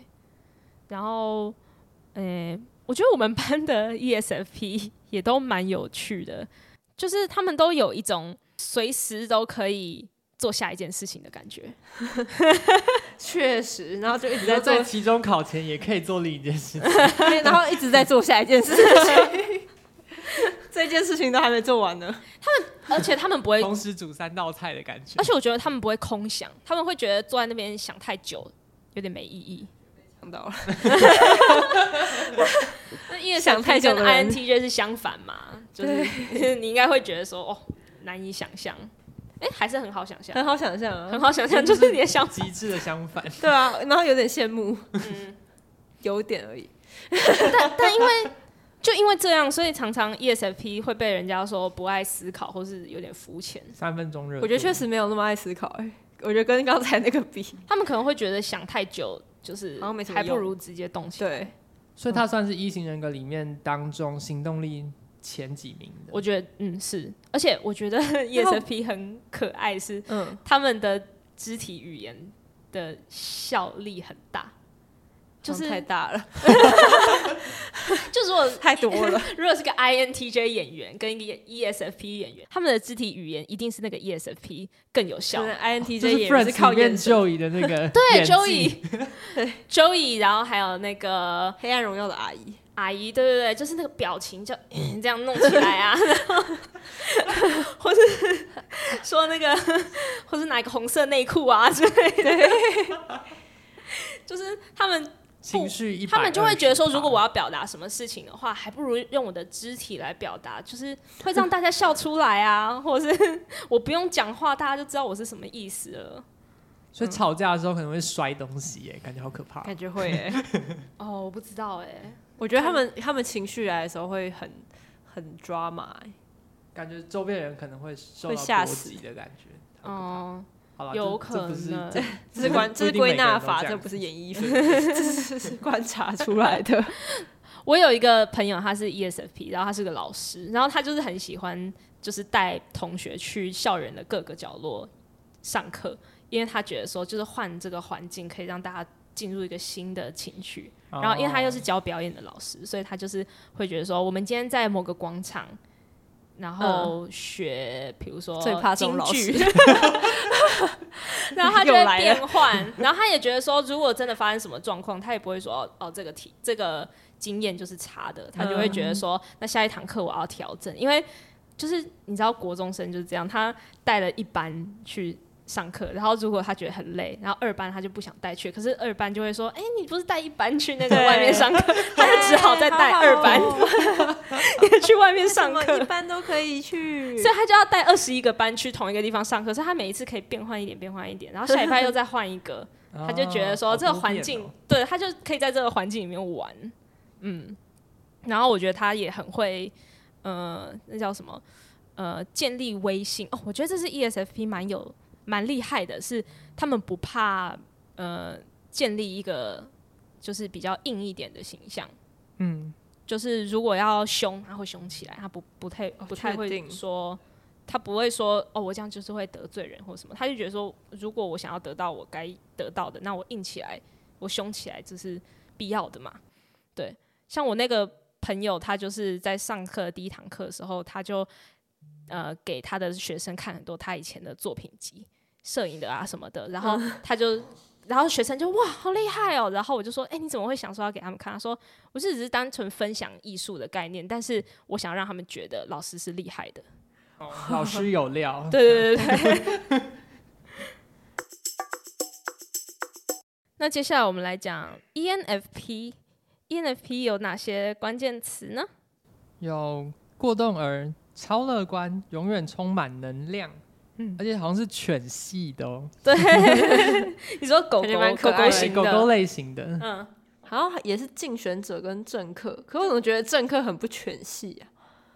然後，誒、欸，我覺得我們班的 ESFP 也都蠻有趣的，就是他們都有一種隨時都可以做下一件事情的感覺。確 實，然後就一直在做。期 中考前也可以做另一件事情， 對，然後一直在做下一件事情。 這件事情都還沒做完呢。他們，而且他們不會同時煮三道菜的感覺。而且我覺得他們不會空想，他們會覺得坐在那邊想太久，有點沒意義。沒想到了。那 因為想太久，INTJ 是相反嘛？就是 你應該會覺得說，哦，難以想象。哎、欸，還是很好想象，很好想象，啊，很好想象，就是你的相極 致的相反。 對啊，然後有點羨慕。嗯， 有點而已。 但但因為。就因為這樣，所以常常 ESFP 會被人家說不愛思考，或是有點膚淺。三分鐘熱度。我覺得確實沒有那麼愛思考、欸，哎， 我覺得跟剛才那個比，他們可能會覺得想太久，就是還不如直接動起來。對，所以他算是 E 型人格裡面當中、嗯、行動力前幾名的。我覺得，嗯，是，而且我覺得 ESFP 很可愛，是，嗯，他們的肢體語言的效力很大。就是太大了，就如果太多了。 就是我 如果是個 INTJ 演員跟一個 ESFP 演員，他們的肢體語言一定是那個 ESFP 更有效。INTJ、哦、就是、演員是靠演技的那個，對，Joey ，Joey，然後還有那個《黑暗榮耀》的阿姨，阿姨，對對對，就是那個表情就 這樣弄起來啊，然後， 或是說那個，或是拿一個紅色內褲啊之類的，對對對 就是他們。情緒，他們就會覺得說，如果我要表達什麼事情的話，還不如用我的肢體來表達，就是會讓大家笑出來啊， 或者是我不用講話，大家就知道我是什麼意思了。所以吵架的時候可能會摔東西，哎，感覺好可怕。感覺會、欸， 哦，我不知道，哎，我覺得他們他們情緒來的時候會很很抓馬，感覺周邊人可能會會嚇死的感覺，哦。有可能，這，這是觀，這是歸納法，這不是演繹法， 這是是觀察出來的。 我有一個朋友，他是 ESFP，然後他是個老師，然後他就是很喜歡，就是帶同學去校園的各個角落上課，因為他覺得說，就是換這個環境可以讓大家進入一個新的情緒。然後，因為他又是教表演的老師，所以他就是會覺得說，我們今天在某個廣場。然後學，比、嗯、如說京劇，最怕這種老師 然後他就會變換。然後他也覺得說，如果真的發生什麼狀況，他也不會說哦，哦，這個題這個經驗就是差的。他就會覺得說，嗯、那下一堂課我要調整，因為就是你知道，國中生就是這樣。他帶了一班去。上課，然後如果他覺得很累，然後二班他就不想帶去，可是二班就會說：“哎、欸，你不是帶一班去那個外面上課？” 他就只好再帶二班好好、哦、 也去外面上課。一班都可以去，所以他就要帶二十一個班去同一個地方上課。所以他每一次可以變換一點，變換一點，然後下一班又再換一個， 他就覺得說這個環境，哦哦、對他就可以在這個環境裡面玩。嗯，然後我覺得他也很會，呃，那叫什麼？呃，建立威信哦。我覺得這是 E S F P 蠻有。蠻厲害的是，是他們不怕呃，建立一個就是比較硬一點的形象，嗯，就是如果要兇，他會兇起來，他不不太不太會說，哦、他不會說哦，我這樣就是會得罪人或什麼，他就覺得說，如果我想要得到我該得到的，那我硬起來，我兇起來這是必要的嘛，對，像我那個朋友，他就是在上課第一堂課的時候，他就呃，給他的學生看很多他以前的作品集。攝影的啊什麼的，然後他就，然後學生就哇好厲害哦，然後我就說，哎你怎麼會想說要給他們看？他說，我就只是單純分享藝術的概念，但是我想讓他們覺得老師是厲害的，哦、 老師有料。對對對對，對。 那接下來我們來講 ENFP，ENFP ENFP 有哪些關鍵詞呢？有過動兒、超樂觀、永遠充滿能量。嗯，而且好像是犬系的哦。對 你說狗狗狗狗型狗狗類型的，嗯，嗯、好像也是競選者跟政客。可我怎麼覺得政客很不犬系啊？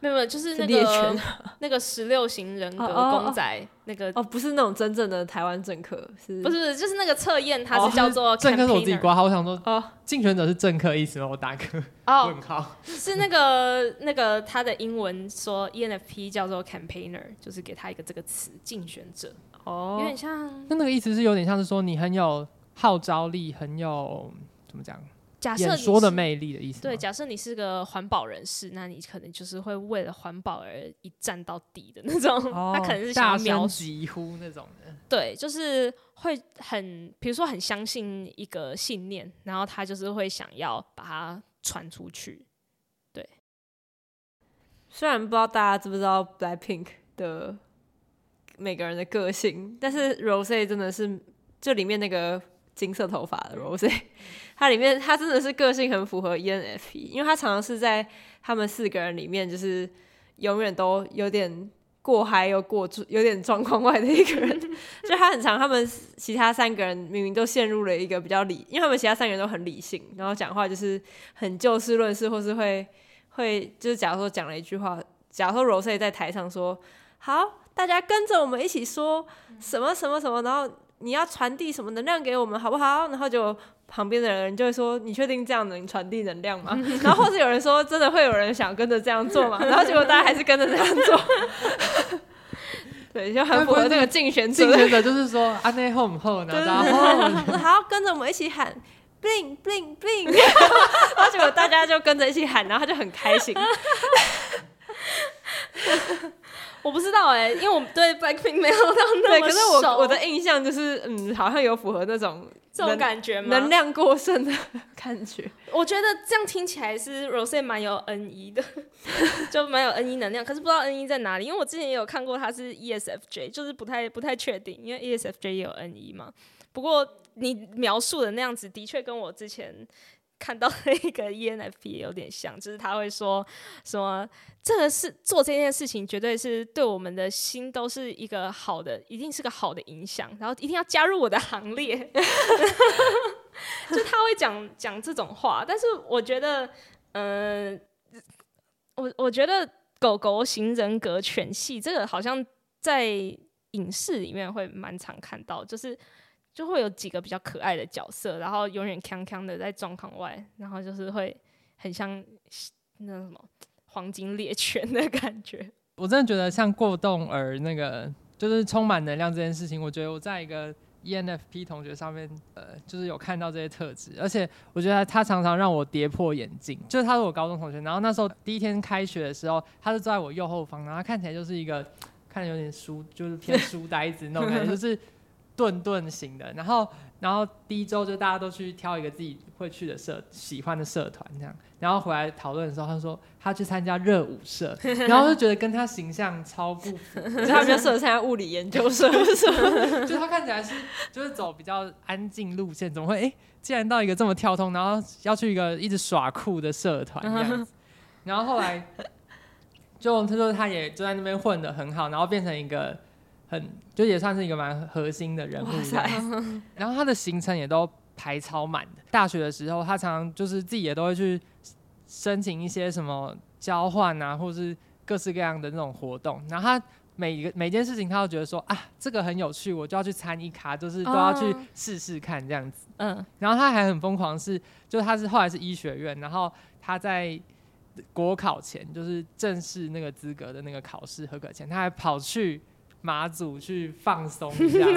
沒有沒有，就是那個是那個十六型人格公仔哦，哦那個哦，不是那種真正的台灣政客，是不是？不是就是那個測驗，它是叫做、哦、是政客，是我自己刮好我想說，哦，競選者是政客意思嗎？我打個問號哦，就是那個 那個他的英文說 E N F P 叫做 campaigner，就是給他一個這個詞，競選者哦，有點像。那那個意思是有點像是說你很有號召力，很有怎麼講？假設你是演說的魅力的意思。對，假設你是個環保人士，那你可能就是會為了環保而一戰到底的那種。哦，他可能是想大聲疾呼那種的。對，就是會很，比如說很相信一個信念，然後他就是會想要把它傳出去。對。雖然不知道大家知不知道 Black Pink 的每個人的個性，但是 Rose 真的是這裡面那個金色頭髮的 Rose。他裡面，他真的是個性很符合 ENFP，因為他常常是在他們四個人裡面，就是永遠都有點過嗨，又過住，有點狀況外的一個人。所 以他很常他們其他三個人明明都陷入了一個比較理，因為他們其他三個人都很理性，然後講話就是很就事論事，或是會會就是假如說講了一句話，假如說 Rose 在台上說：“好，大家跟着我們一起說什麼什麼什麼”，然後。你要傳遞什麼能量給我們，好不好？然後就旁邊的人就會說：“你確定這樣能傳遞能量嗎？”然後或是有人說：“真的會有人想跟着這樣做嘛？”然後結果大家還是跟着這樣做， 對，就很符合那個競選者競選者就是說：“ 啊，那吼吼，然後吼還要跟着我們一起喊 bling bling bling。 ”然後結果大家就跟着一起喊，然後他就很開心。 我不知道哎、欸，因為我對 Blackpink 沒有到那麼熟。對，可是我我的印象就是，嗯，好像有符合那種這種感覺嗎？能量過剩的感覺。我覺得這樣聽起來是 Rosé 蠻有 NE 的， 就蠻有 NE 能量。可是不知道 NE 在哪裡，因為我之前也有看過他是 ESFJ，就是不太不太確定，因為 ESFJ 也有 NE 嘛。不過你描述的那樣子，的確跟我之前。看到那個 ENFP 也有點像，就是他會說什麼，這個是做這件事情，絕對是對我們的心都是一個好的，一定是個好的影響，然後一定要加入我的行列。 就他會講講這種話，但是我覺得，嗯、呃，我我覺得狗狗型人格犬系這個好像在影視裡面會蠻常看到，就是。就會有幾個比較可愛的角色，然後永遠康康的在狀況外，然後就是會很像那什麼黃金獵犬的感覺。我真的覺得像過動兒那個就是充滿能量這件事情，我覺得我在一個 ENFP 同學上面呃，就是有看到這些特質，而且我覺得他常常讓我跌破眼鏡。就是他是我高中同學，然後那時候第一天開學的時候，他是坐在我右後方，然後他看起來就是一個看著有點書，就是偏書呆子那種感覺， 就是。頓頓型的，然後，然後第一週就大家都去挑一個自己會去的社，喜歡的社團這樣，然後回來討論的時候，他說他去參加熱舞社， 然後就覺得跟他形象超不符， 就是他比較適合參加物理研究所， 就是他看起來是就是走比較安靜路線，怎麼會哎，既、欸、竟然到一個這麼跳通，然後要去一個一直耍酷的社團這樣， 然後後來就他說他也就在那邊混得很好，然後變成一個。很就也算是一個蠻核心的人物在。啊、然後他的行程也都排超滿的。大學的時候，他常常就是自己也都會去申請一些什麼交換啊，或是各式各樣的那種活動。然後他每個每件事情，他都覺得說啊，這個很有趣，我就要去參一咖，就是都要去試試看這樣子。嗯、啊，然後他還很瘋狂是，是就他是後來是醫學院，然後他在國考前，就是正式那個資格的那個考試合格前，他還跑去。馬祖去放鬆，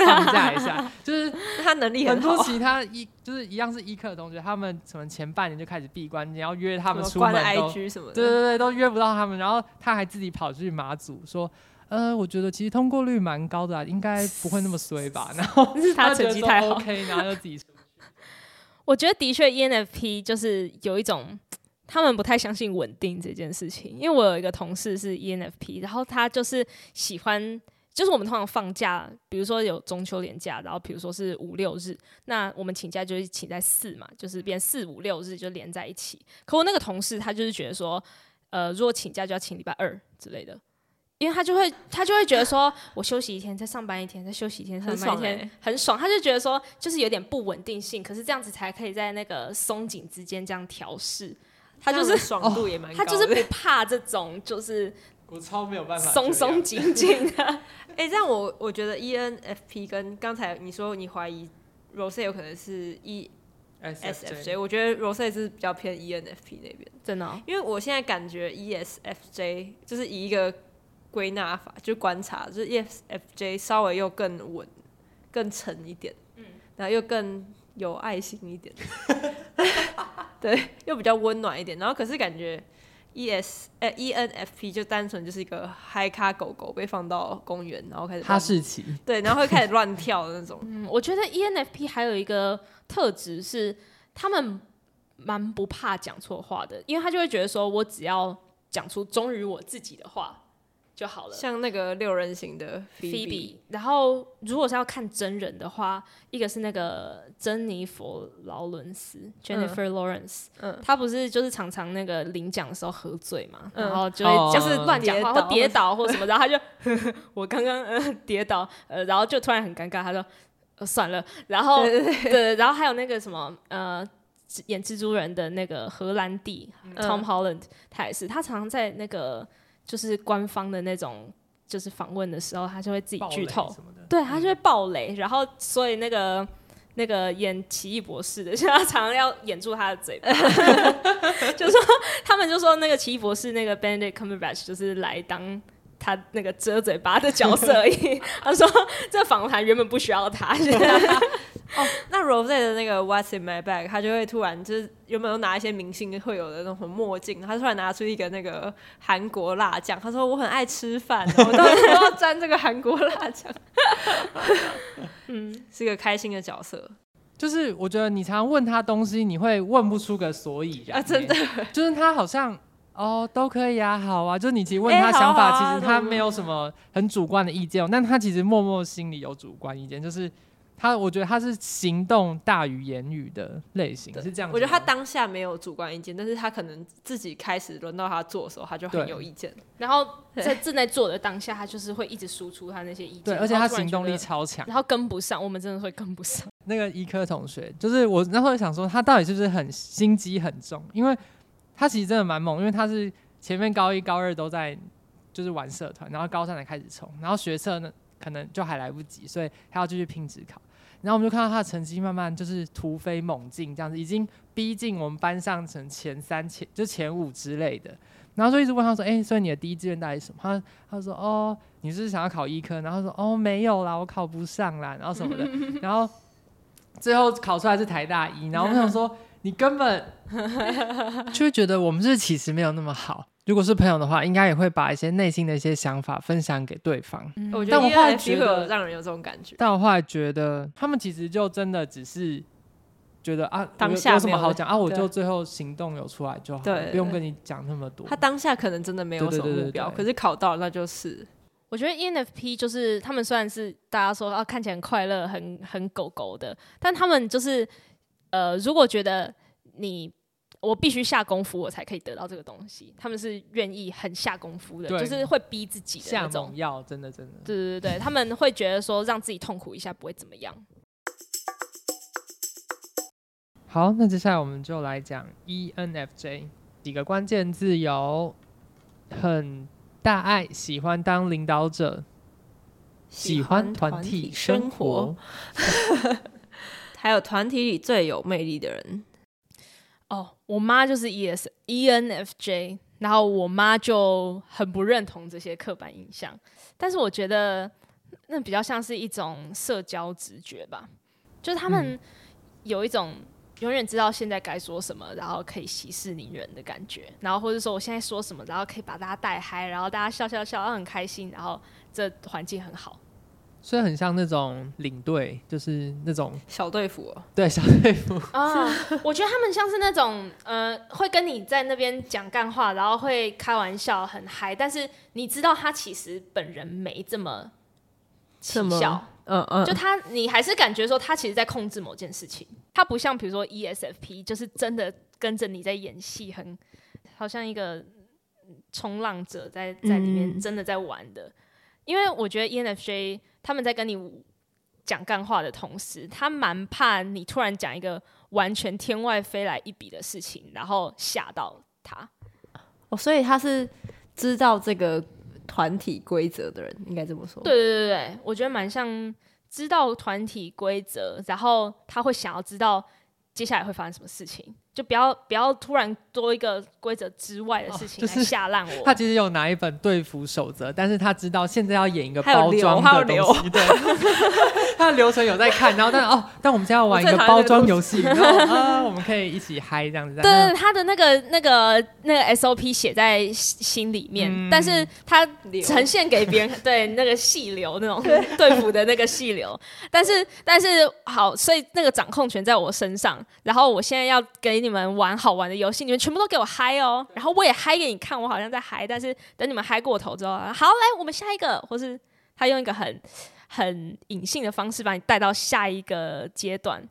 放假一下， 就是他能力很多。其他一就是一樣是醫科的同學，他們可能前半年就開始閉關，你要約他們出關，I G 什麼，的什麼的？對對對，都約不到他們。然後他還自己跑去馬祖，說：“呃，我覺得其實通過率蠻高的，啊，應該不會那麼衰吧？” 然後他成績、OK, 太好，然後就自己出去。 我覺得的確，E N F P 就是有一種他們不太相信穩定這件事情。因為我有一個同事是 E N F P，然後他就是喜歡。就是我們通常放假，比如說有中秋連假，然後比如說是五六日，那我們請假就是請在四嘛，就是變四五六日就連在一起。可我那個同事他就是覺得說，呃，如果請假就要請禮拜二之類的，因為他就會他就會覺得說，我休息一天再上班一天再休息一天再上班一天很爽欸、很爽，他就覺得說，就是有點不穩定性，可是這樣子才可以在那個鬆緊之間這樣調試。他就是，但是爽度也蠻高，哦，他就是不怕這種就是。我超沒有辦法鬆鬆緊緊，啊 欸，鬆鬆緊緊的。哎，這樣我我覺得 E N F P 跟剛才你說你懷疑 Rose 有可能是 E S F J，我覺得 Rose 是比較偏 E N F P 那邊，真的，哦。因為我現在感覺 E S F J 就是以一個歸納法，就觀察，就是 E S F J 稍微又更穩、更沉一點、嗯，然後又更有愛心一點， 對，又比較溫暖一點，然後可是感覺。E S 哎、欸、E N F P 就單純就是一個嗨咖狗狗被放到公園，然後開始哈士奇，對，然後會開始亂跳的那種。 嗯，我覺得 E N F P 還有一個特質是他們蠻不怕講錯話的，因為他就會覺得說我只要講出忠於我自己的話。就好了，像那個六人行的菲比。Phoebe, 然後，如果是要看真人的話，一個是那個珍妮佛勞倫斯 （Jennifer Lawrence），嗯，她不是就是常常那個領獎的時候喝醉嘛、嗯，然後就會就、oh, 是亂講話，然跌、跌倒或什麼，然後他就 我剛剛、呃、跌倒，呃，然後就突然很尷尬，他說、呃、算了。然後 對，然後還有那個什麼呃，演蜘蛛人的那個荷蘭弟、嗯、（Tom Holland），、嗯、他也是，他常常在那個。就是官方的那種，就是訪問的時候，他就會自己劇透，對，他就會爆雷，嗯。然後，所以那個那個演《奇異博士》的，現在常常要掩住他的嘴巴， 就說他們就說那個《奇異博士》那個 Benedict Cumberbatch 就是來當他那個遮嘴巴的角色而已。 他說，這訪談原本不需要他。 哦、oh，那 Rose 的那個 What's in my bag，他就會突然就是有沒有拿一些明星會有的那種墨鏡，他就突然拿出一個那個韓國辣醬，他說我很愛吃飯、喔， 我都要沾這個韓國辣醬。 嗯，是一個開心的角色，就是我覺得你常問他東西，你會問不出個所以然、欸啊，真的，就是他好像哦都可以啊，好啊，就是你其實問他想法，欸好好啊、其實他沒有什麼很主觀的意見、啊，但他其實默默心裡有主觀意見，就是。他我覺得他是行動大於言語的類型，是這樣。我覺得他當下沒有主觀意見，但是他可能自己開始輪到他做的時候，他就很有意見。然後在正在做的當下，他就是會一直輸出他那些意見。對。對，而且他行動力超強，然後跟不上，我們真的會跟不上。那個醫科同學，就是我，然後想說他到底是不是很心機很重，因為他其實真的蠻猛，因為他是前面高一、高二都在就是玩社團，然後高三才開始衝，然後學測呢可能就還來不及，所以他要繼續拼指考。然後我們就看到他的成績慢慢就是突飛猛進這樣子，已經逼近我們班上成前三前、前就前五之類的。然後就一直問他說：“哎、欸，所以你的第一志願大概什麼？”他他說：“哦，你是，是想要考醫科。”然後說：“哦，沒有啦，我考不上啦，然後什麼的。”然後最後考出來是台大醫。然後我想說， 你根本就會覺得我們這其實沒有那麼好。如果是朋友的話，應該也會把一些內心的一些想法分享給對方。嗯、但我後來覺得，覺得會有讓人有這種感覺。但我後來覺得他們其實就真的只是覺得啊，當下有，有什麼好講啊，我就最後行動有出來就好，對對對，不用跟你講那麼多。他當下可能真的沒有什麼目標，對對對對對對，可是考到那就是。我覺得 ENFP 就是他們雖然是大家說啊，看起來很快樂、很很狗狗的，但他們就是呃，如果覺得你。我必須下功夫，我才可以得到這個東西。他們是願意很下功夫的，就是會逼自己的那種。要真的，真的。對對對 他們會覺得說讓自己痛苦一下不會怎麼樣。好，那接下來我們就來講 ENFJ 幾個關鍵字，有很大愛，喜歡當領導者，喜歡團體生活，團體生活 還有團體裡最有魅力的人。我媽就是 E S E N F J，然後我媽就很不認同這些刻板印象，但是我覺得那比較像是一種社交直覺吧，就是他們有一種永遠知道現在該說什麼，然後可以息事寧人的感覺，然後或者說我現在說什麼，然後可以把大家帶嗨，然後大家笑笑笑，然後、啊、很開心，然後這環境很好。所以很像那種領隊，就是那種小隊服，哦。對，小隊服啊，uh, 我覺得他們像是那種呃，會跟你在那邊講幹話，然後會開玩笑，很嗨。但是你知道他其實本人沒這麼，什麼？嗯嗯。就他，你還是感覺說他其實在控制某件事情。他不像比如說 ESFP，就是真的跟着你在演戲，很好像一個、嗯、衝浪者在在裡面真的在玩的。嗯、因為我覺得 ENFJ。他們在跟你講幹話的同時，他蠻怕你突然講一個完全天外飛來一筆的事情，然後嚇到他。哦，所以他是知道這個團體規則的人，應該這麼說。對對對對，我覺得蠻像知道團體規則，然後他會想要知道接下來會發生什麼事情。就不要不要突然多一個規則之外的事情來嚇爛我，哦就是。他其實有拿一本對付守則，但是他知道現在要演一個包裝的東西。對 他的流程有在看，然後但哦，但我們現在要玩一個包裝遊戲，啊，我們可以一起嗨這， 這樣子。對，他的那個那個那個 SOP 寫在心裡面，嗯，但是他呈現給別人，流對那個細流那種 對付的那個細流，但是但是好，所以那個掌控權在我身上，然後我現在要跟。你們玩好玩的遊戲，你們全部都給我嗨哦，然後我也嗨給你看，我好像在嗨，但是等你們嗨過頭之後，好來、哎、我們下一個，或是他用一個很很隱性的方式把你帶到下一個階段。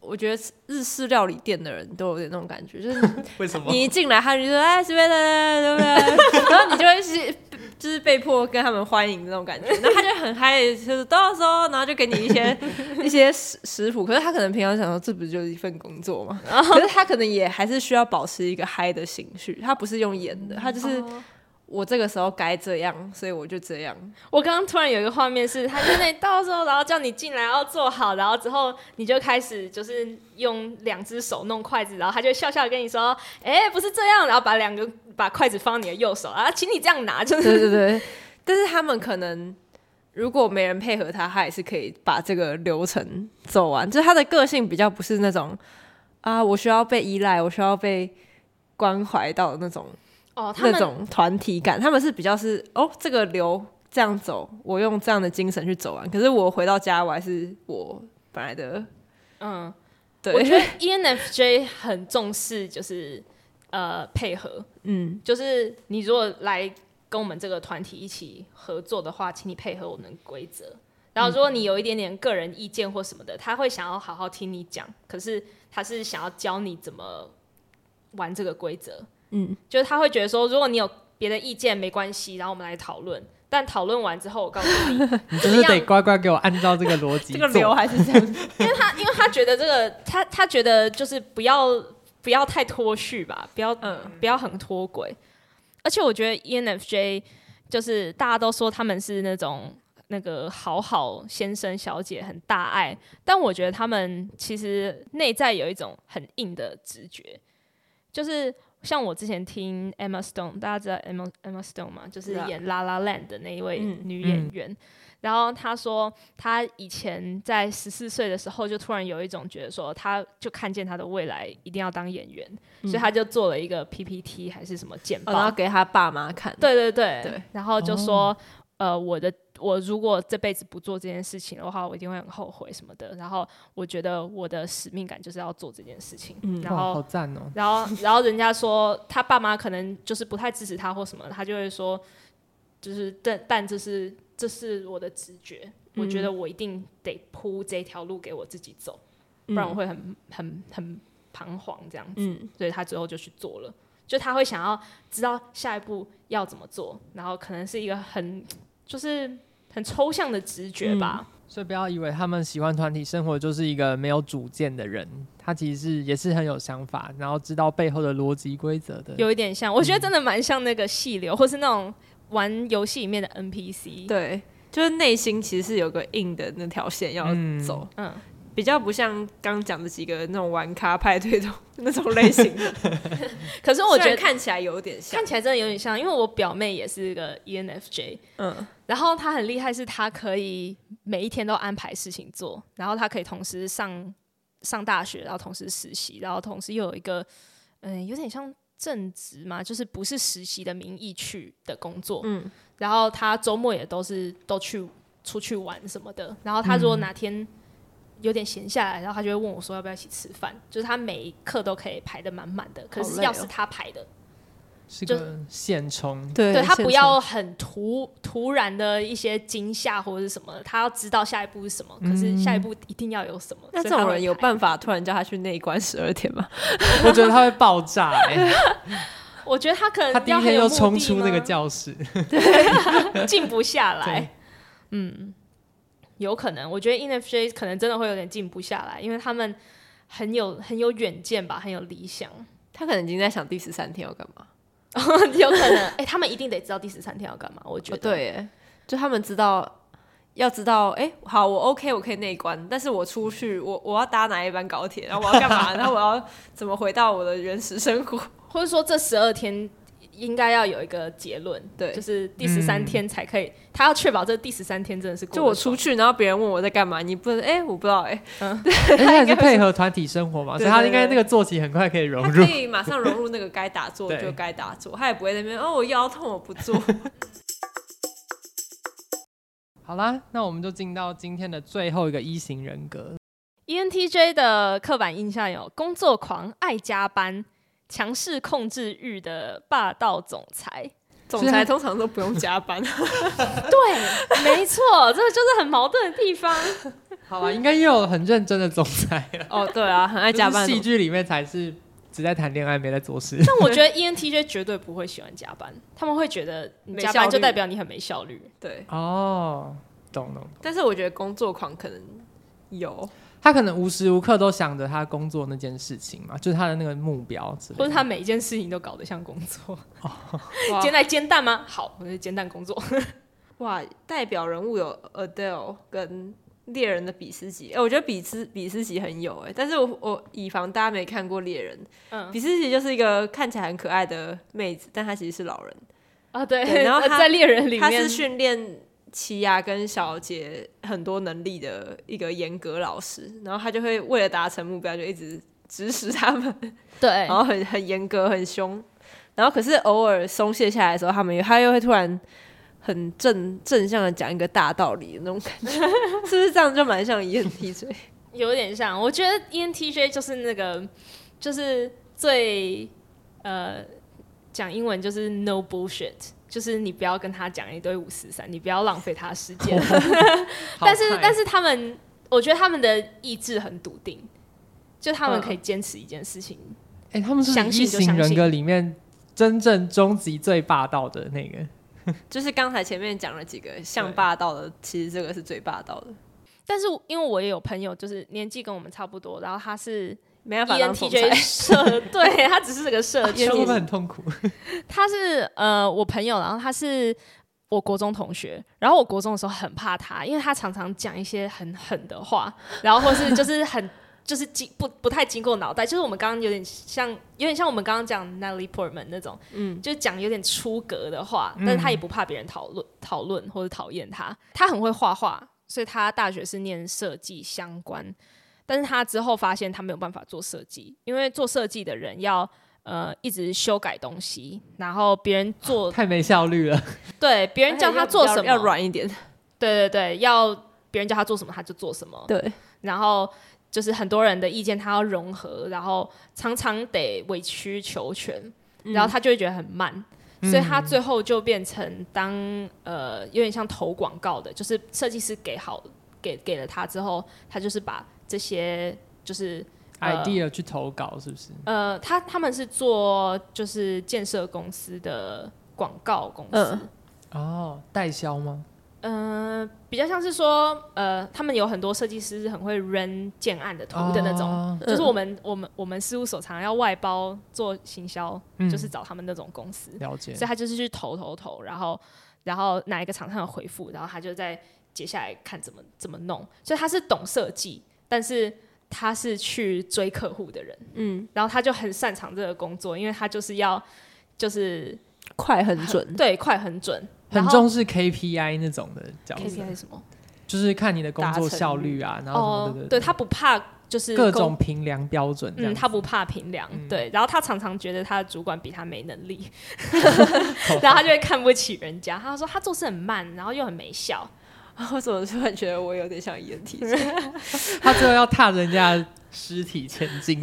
我覺得日式料理店的人都有點那種感覺，就是，為什麼？你一進來他就說哎隨便來來來來， 然後你就會是。就是被迫跟他們歡迎這種感覺， 然後他就很嗨，就是哆嗦，so, 然後就給你一些 一些食食譜。可是他可能平常想說這不是就是一份工作嗎？ 可是他可能也還是需要保持一個嗨的情緒。他不是用演的，他就是。 我這個時候該這樣，所以我就這樣。我剛剛突然有一個畫面是，他就在到時候，然後叫你進來，然後坐好，然後之後你就開始就是用兩隻手弄筷子，然後他就笑笑的跟你說：“哎、欸，不是這樣。”然後把兩個把筷子放你的右手啊，請你這樣拿。就是，對對對。 但是他們可能如果沒人配合他，他也是可以把這個流程走完。就是他的個性比較不是那種啊，我需要被依賴，我需要被關懷到的那種。哦，他們，那種團體感，他們是比較是哦，這個流這樣走，我用這樣的精神去走完。可是我回到家，我還是我本來的，嗯，對。我覺得 ENFJ 很重視就是 呃，配合，嗯，就是你如果來跟我們這個團體一起合作的話，請你配合我們的規則。然後如果你有一點點個人意見或什麼的，嗯，他會想要好好聽你講，可是他是想要教你怎麼玩這個規則。嗯，就是他會覺得說，如果你有別的意見沒關係，然後我們來討論。但討論完之後，我告訴你， 你就是得乖乖給我按照這個邏輯， 這個理由還是這樣子。 因為他，因為他覺得這個，他他覺得就是不要不要太脫序吧，不要、嗯、不要很脫軌。而且我覺得 ENFJ 就是大家都說他們是那種那個好好先生小姐很大愛，但我覺得他們其實內在有一種很硬的直覺，就是。像我之前聽 Emma Stone，大家知道 Emma Stone 嗎？就是演《La La Land》的那一位女演員，啊嗯嗯。然後她說，她以前在十四歲的時候，就突然有一種覺得說，她就看見她的未來一定要當演員，嗯，所以她就做了一個 PPT 還是什麼簡報，哦、然後給她爸媽看。對對對，對然後就說、哦、呃，我的。我如果這輩子不做這件事情的話，我一定會很後悔什麼的。然後我覺得我的使命感就是要做這件事情。然後然後，然後人家說他爸媽可能就是不太支持他或什麼，他就會說，就是但但這是這是我的直覺，我覺得我一定得鋪這條路給我自己走，不然我會很很很彷徨這樣子。所以他最後就去做了，就他會想要知道下一步要怎麼做，然後可能是一個很就是。很抽象的直覺吧、嗯，所以不要以為他們喜歡團體生活就是一個沒有主見的人，他其實是也是很有想法，然後知道背後的邏輯規則的，有一點像，我覺得真的蠻像那個細流、嗯，或是那種玩遊戲裡面的 NPC，對，就是內心其實是有個硬的那條線要走，嗯。嗯比較不像剛講的幾個那種玩咖派對的那種類型的， 可是我覺得看起來有點像，看起來真的有點像。因為我表妹也是一個 ENFJ，嗯，然後她很厲害，是她可以每一天都安排事情做，然後她可以同時上上大學，然後同時實習，然後同時又有一個嗯、呃，有點像正職嘛，就是不是實習的名義去的工作，嗯，然後他周末也都是都去出去玩什麼的，然後他如果哪天。嗯有點閒下來，然後他就會問我，說要不要一起吃飯。就是他每一刻都可以排得滿滿的，可是要是他排的，喔、是個現充，對他不要很突突然的一些驚嚇或者什麼，他要知道下一步是什麼，嗯、可是下一步一定要有什麼。那、嗯、這種人有辦法突然叫他去內關十二天嗎？ 我覺得他會爆炸、欸。 我覺得他可能他第一天又衝出那個教室，對，靜不下來。嗯。有可能，我覺得 ENFJ 可能真的會有點靜不下來，因為他們很有很有遠見吧，很有理想。他可能已經在想第十三天要幹嘛， 有可能、欸。他們一定得知道第十三天要幹嘛，我覺得。對，就他們知道，要知道，哎、欸，好，我 OK，我可以內觀，但是我出去，我我要搭哪一班高鐵，然後我要幹嘛， 然後我要怎麼回到我的原始生活，或者說這十二天。應該要有一個結論，對，就是第十三天才可以。嗯、他要確保這第十三天真的是的。就我出去，然後別人問我在幹嘛，你不能哎、欸，我不知道哎、欸。嗯。 他應該是配合團體生活嘛，對對對，所以他應該那個作息很快可以融入。他可以馬上融入那個，該打坐就該打坐，他也不會在那邊哦，我腰痛我不坐。 好啦，那我們就進到今天的最後一個 E 型人格。ENTJ 的刻板印象有工作狂、愛加班、強勢控制欲的霸道總裁，啊、總裁通常都不用加班。 對，沒錯，這個就是很矛盾的地方。 好吧、啊，應該也有很認真的總裁。哦，對啊，很愛加班。就是戲劇裡面才是只在談戀愛，沒在做事。但我覺得 ENTJ 絕對不會喜歡加班， 他們會覺得加班就代表你很沒效率。效率，對，哦，懂了。但是我覺得工作狂可能有。他可能無時無刻都想着他工作那件事情嘛，就是他的那個目標之類，或是他每一件事情都搞得像工作，煎蛋煎蛋嗎？好，我就煎蛋工作。哇，代表人物有 Adele 跟獵人的比斯吉。哎、欸，我覺得比斯比斯吉很有哎、欸，但是我我以防大家沒看過獵人、嗯，比斯吉就是一個看起來很可愛的妹子，但她其實是老人啊對。對，然後、呃、在獵人裡面，她是訓練。欺壓跟小姐很多能力的一個嚴格老師，然後他就會為了達成目標，就一直指使他們。對，然後很很嚴格，很凶。然後可是偶爾鬆懈下來的時候，他們又他又會突然很正正向的講一個大道理的那種感覺， 是不是這樣就蠻像 E N T J？ 有點像，我覺得 E N T J 就是那個就是最呃講英文就是 No bullshit。就是你不要跟他講一堆五四三，你不要浪費他時間。 但是，但是他們，我覺得他們的意志很篤定，就他們可以堅持一件事情。哎、嗯欸，他們就是 E 型人格裡面真正終極最霸道的那個。就是剛才前面講了幾個像霸道的，其實這個是最霸道的。但是因為我也有朋友，就是年紀跟我們差不多，然後他是。沒辦法當總裁。 對，他只是這個社畜，因為我很痛苦。 ENT... 他是呃，我朋友，然後他是我國中同學，然後我國中的時候很怕他，因為他常常講一些很狠的話，然後或是就是很 就是經不不太經過腦袋，就是我們剛剛有點像有點像我們剛剛講 Natalie Portman 那種，嗯，就講有點出格的話，嗯，但是他也不怕別人討論討論或者討厭他。他很會畫畫，所以他大學是念設計相關。但是他之後發現他沒有辦法做設計，因為做設計的人要呃一直修改東西，然後別人做、啊、太沒效率了。對，別人叫他做什麼要軟一點。對對對，要別人叫他做什麼他就做什麼。對，然後就是很多人的意見他要融合，然後常常得委曲求全，然後他就會覺得很慢，嗯、所以他最後就變成當呃有點像投廣告的，就是設計師給好給給了他之後，他就是把。這些就是 idea，呃、去投稿，是不是？呃，他他們是做就是建設公司的廣告公司，哦、呃，代銷嗎？嗯、呃，比較像是說，呃，他們有很多設計師是很會 render 建案的圖的那種，哦、就是我們、嗯、我們我們事務所常常要外包做行銷、嗯，就是找他們那種公司。了解，所以他就是去投投投，然後然後哪一個廠商有回覆，然後他就在接下來看怎麼怎麼弄，所以他是懂設計。但是他是去追客戶的人，嗯，然後他就很擅長這個工作，因為他就是要就是快很準，很對，快很準，很重視 KPI 那種的角。KPI 是什麼？就是看你的工作效率啊。然後、哦、對，對，對，對他不怕就是各，各種評量標準，嗯，他不怕評量、嗯。對，然後他常常覺得他的主管比他沒能力， 然後他就會看不起人家。他說他做事很慢，然後又很沒效。 我怎麼突然覺得我有點像 ENTJ，他最後要踏人家屍體前進，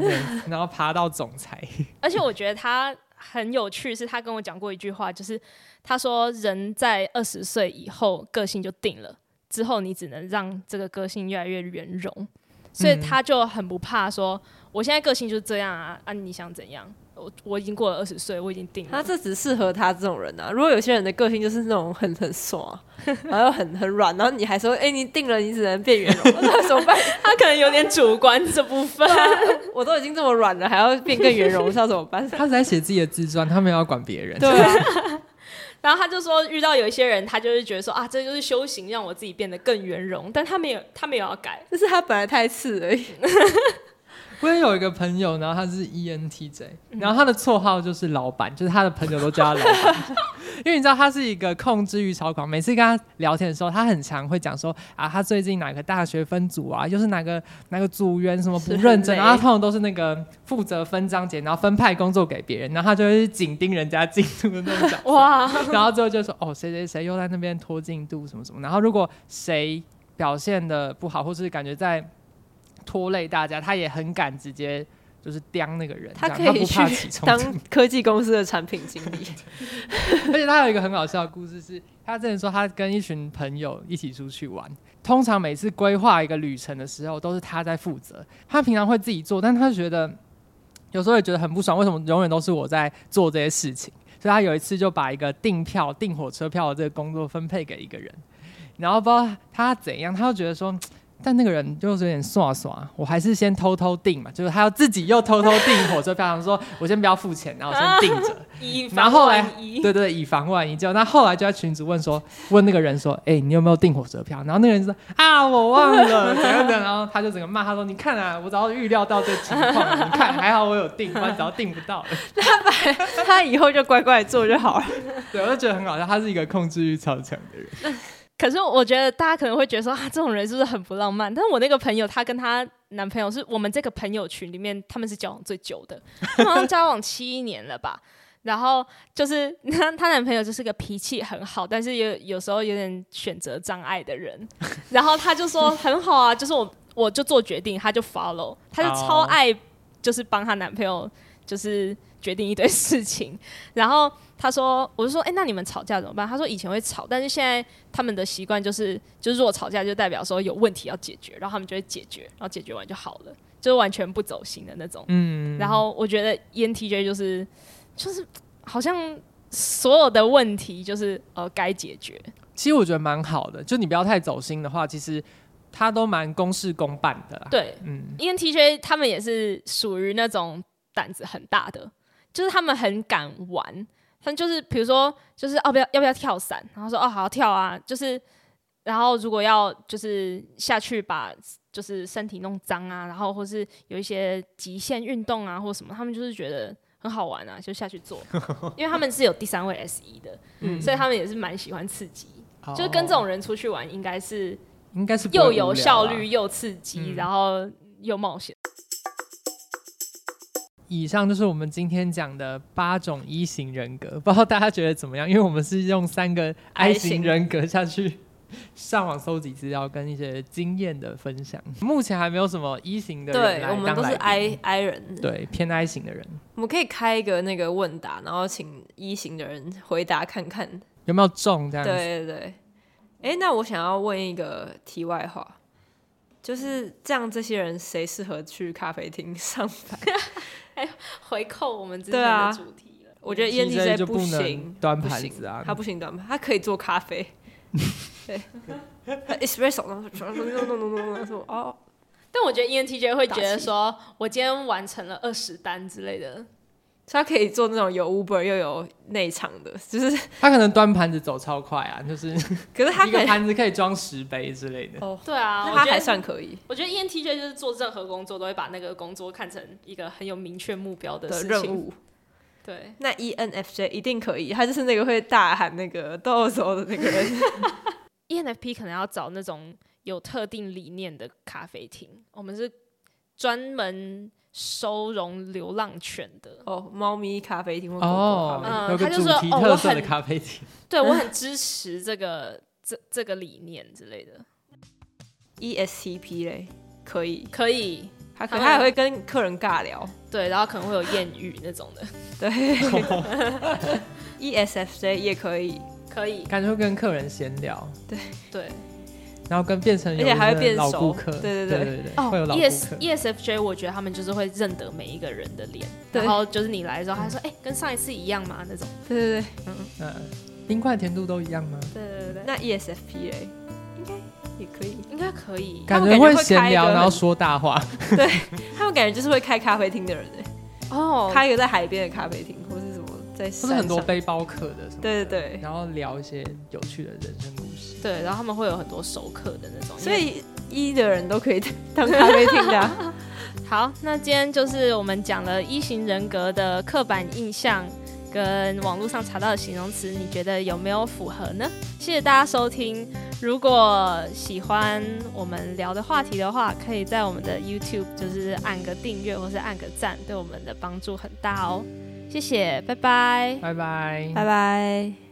然後爬到總裁 。而且我覺得他很有趣，是他跟我講過一句話，就是他說：“人在二十歲以後個性就定了，之後你只能讓這個個性越來越圓融。”所以他就很不怕說，我現在個性就是這樣啊、嗯，啊，你想怎樣？我我已經過了二十歲，我已經定了。他、啊、這只適合他這種人啊。如果有些人的個性就是那種很很爽，然後很很軟，然後你還說，哎、欸，你定了，你只能變圓融，那 怎麼辦？ 他可能有點主觀這部分。 我都已經這麼軟了，還要變更圓融， 是要怎麼辦？他是在寫自己的自傳，他沒有要管別人。對、啊。 然後他就說，遇到有一些人，他就是覺得說，啊，這就是修行，讓我自己變得更圓融。但他沒有，他沒有要改，就是他本來太刺而已。 我有一個朋友，然後他是 ENTJ，然後他的綽號就是老闆，嗯，就是他的朋友都叫他老闆，因為你知道他是一個控制慾超狂。每次跟他聊天的時候，他很常會講說：“啊，他最近哪個大學分組啊？又是哪個哪個組員什麼不認真？”然後他通常都是那個負責分章節，然後分派工作給別人，然後他就會緊盯人家進度的那種。哇！然後最後就說：“哦，誰誰誰又在那邊拖進度什麼什麼？”然後如果誰表現的不好，或是感覺在拖累大家，他也很敢直接就是叼那個人。他可以去當科技公司的產品經理。 而且他有一個很搞笑的故事是，是他之前說他跟一群朋友一起出去玩，通常每次規劃一個旅程的時候都是他在負責。他平常會自己做，但他覺得有時候也覺得很不爽，為什麼永遠都是我在做這些事情？所以他有一次就把一個訂票、訂火車票的這個工作分配給一個人，然後不知道他怎樣，他就覺得說。但那個人就是有點耍耍，我還是先偷偷訂嘛，就是他要自己又偷偷訂火車票，他 說我先不要付錢，然後我先訂着、啊，然後，後來萬對，對對，以防萬一就。就那後，後來就在群組問說，問那個人說，哎、欸，你有沒有訂火車票？然後那個人說啊，我忘了。等等，然後他就整個罵他說，你看啊，我早預料到這情況， 你看還好我有訂，我只要訂不到了。那 他他以後就乖乖做就好了。 對，我就覺得很好笑，他是一個控制欲超強的人。 可是我覺得大家可能會覺得說啊，這種人是不是很不浪漫？但是我那個朋友，她跟她男朋友是我們這個朋友群裡面，他們是交往最久的， 好像交往七年了吧。然後就是他，她她男朋友就是個脾氣很好，但是有有時候有點選擇障礙的人。然後他就說很好啊， 就是我我就做決定，他就 follow，他就超愛就是幫他男朋友就是。決定一堆事情，然後他說，我就說，哎、欸，那你們吵架怎麼辦？他說以前會吵，但是現在他們的習慣就是，就是如果吵架就代表說有問題要解決，然後他們就會解決，然後解決完就好了，就是完全不走心的那種。嗯，然後我覺得 ENTJ 就是，就是好像所有的問題就是呃該解決。其實我覺得蠻好的，就你不要太走心的話，其實他都蠻公事公辦的。對，嗯，ENTJ 他們也是屬於那種膽子很大的。就是他們很敢玩，他們就是比如說，就是哦，要不要，要不要跳傘？然後說哦，好跳啊！就是，然後如果要，就是下去把就是身體弄髒啊，然後或是有一些極限運動啊，或什麼，他們就是覺得很好玩啊，就下去做。 因為他們是有第三位 SE 的，嗯，所以他們也是蠻喜歡刺激，嗯，就是跟這種人出去玩，應該是應該是又有效率又刺激，啊、然後又冒險。以上就是我們今天講的八種 E 型人格，不知道大家覺得怎麼樣？因為我們是用三個 I 型人格下去上網蒐集資料，跟一些經驗的分享。目前還沒有什麼 E 型的人來來，對，我們都是 I I 人，對，偏 I 型的人。我們可以開一個那個問答，然後請 E 型的人回答看看有沒有中這樣子。對對對。哎、欸，那我想要問一個題外話。就是這樣，這些人誰適合去咖啡廳上班？哎，回扣我們之前的主題了。對啊，我覺得 ENTJ 不行，不端盤子啊，他不行端盤，他可以做咖啡。 對，espresso，然後咚哦？ 但我覺得 ENTJ 會覺得說，我今天完成了二十單之類的。他可以做那種有 Uber 又有內場的，就是他可能端盤子走超快啊，就是，可是他可能，一個盤子可以裝十杯之類的，對啊，他還算可以我。我覺得 ENTJ 就是做任何工作都會把那個工作看成一個很有明確目標的，事情的任務。對，那 ENFJ 一定可以，他就是那個會大喊那個“都走”的那個人。 ENFP 可能要找那種有特定理念的咖啡廳。我們是。專門收容流浪犬的哦，貓咪咖啡廳、oh, 嗯、哦，有個主題特色的咖啡廳，對，我很支持這個 這這個理念之類的。E S C P 嘞，可以可以，他可能還會跟客人尬聊，對，然後可能會有艷遇那種的， 對。 E S F J 也可以可以，感覺會跟客人閒聊，對對。然後跟變成老顧客，而且還會變熟對對對哦，會有老、oh, ESFJ 我覺得他們就是會認得每一個人的臉，對，然後就是你來的時候，嗯、他說，哎、欸，跟上一次一樣嗎？那種。對對對，嗯嗯、呃，冰塊甜度都一樣嗎？對對對，對那 ESFP 應該也可以，應該可以。感覺會閒聊，開然後說大話。對他們感覺就是會開咖啡廳的人哦，oh, 開一個在海邊的咖啡廳，或者。不是很多背包客的,的，對對對，然後聊一些有趣的人生故事，對，然後他們會有很多熟客的那種，所以 E 的人都可以當咖啡廳的、啊。 好，那今天就是我們講了 E 型人格的刻板印象跟網絡上查到的形容詞，你覺得有沒有符合呢？謝謝大家收聽，如果喜歡我們聊的話題的話，可以在我們的 YouTube 就是按個訂閱或是按個讚，對我們的幫助很大哦。謝謝，拜拜，拜拜，拜拜。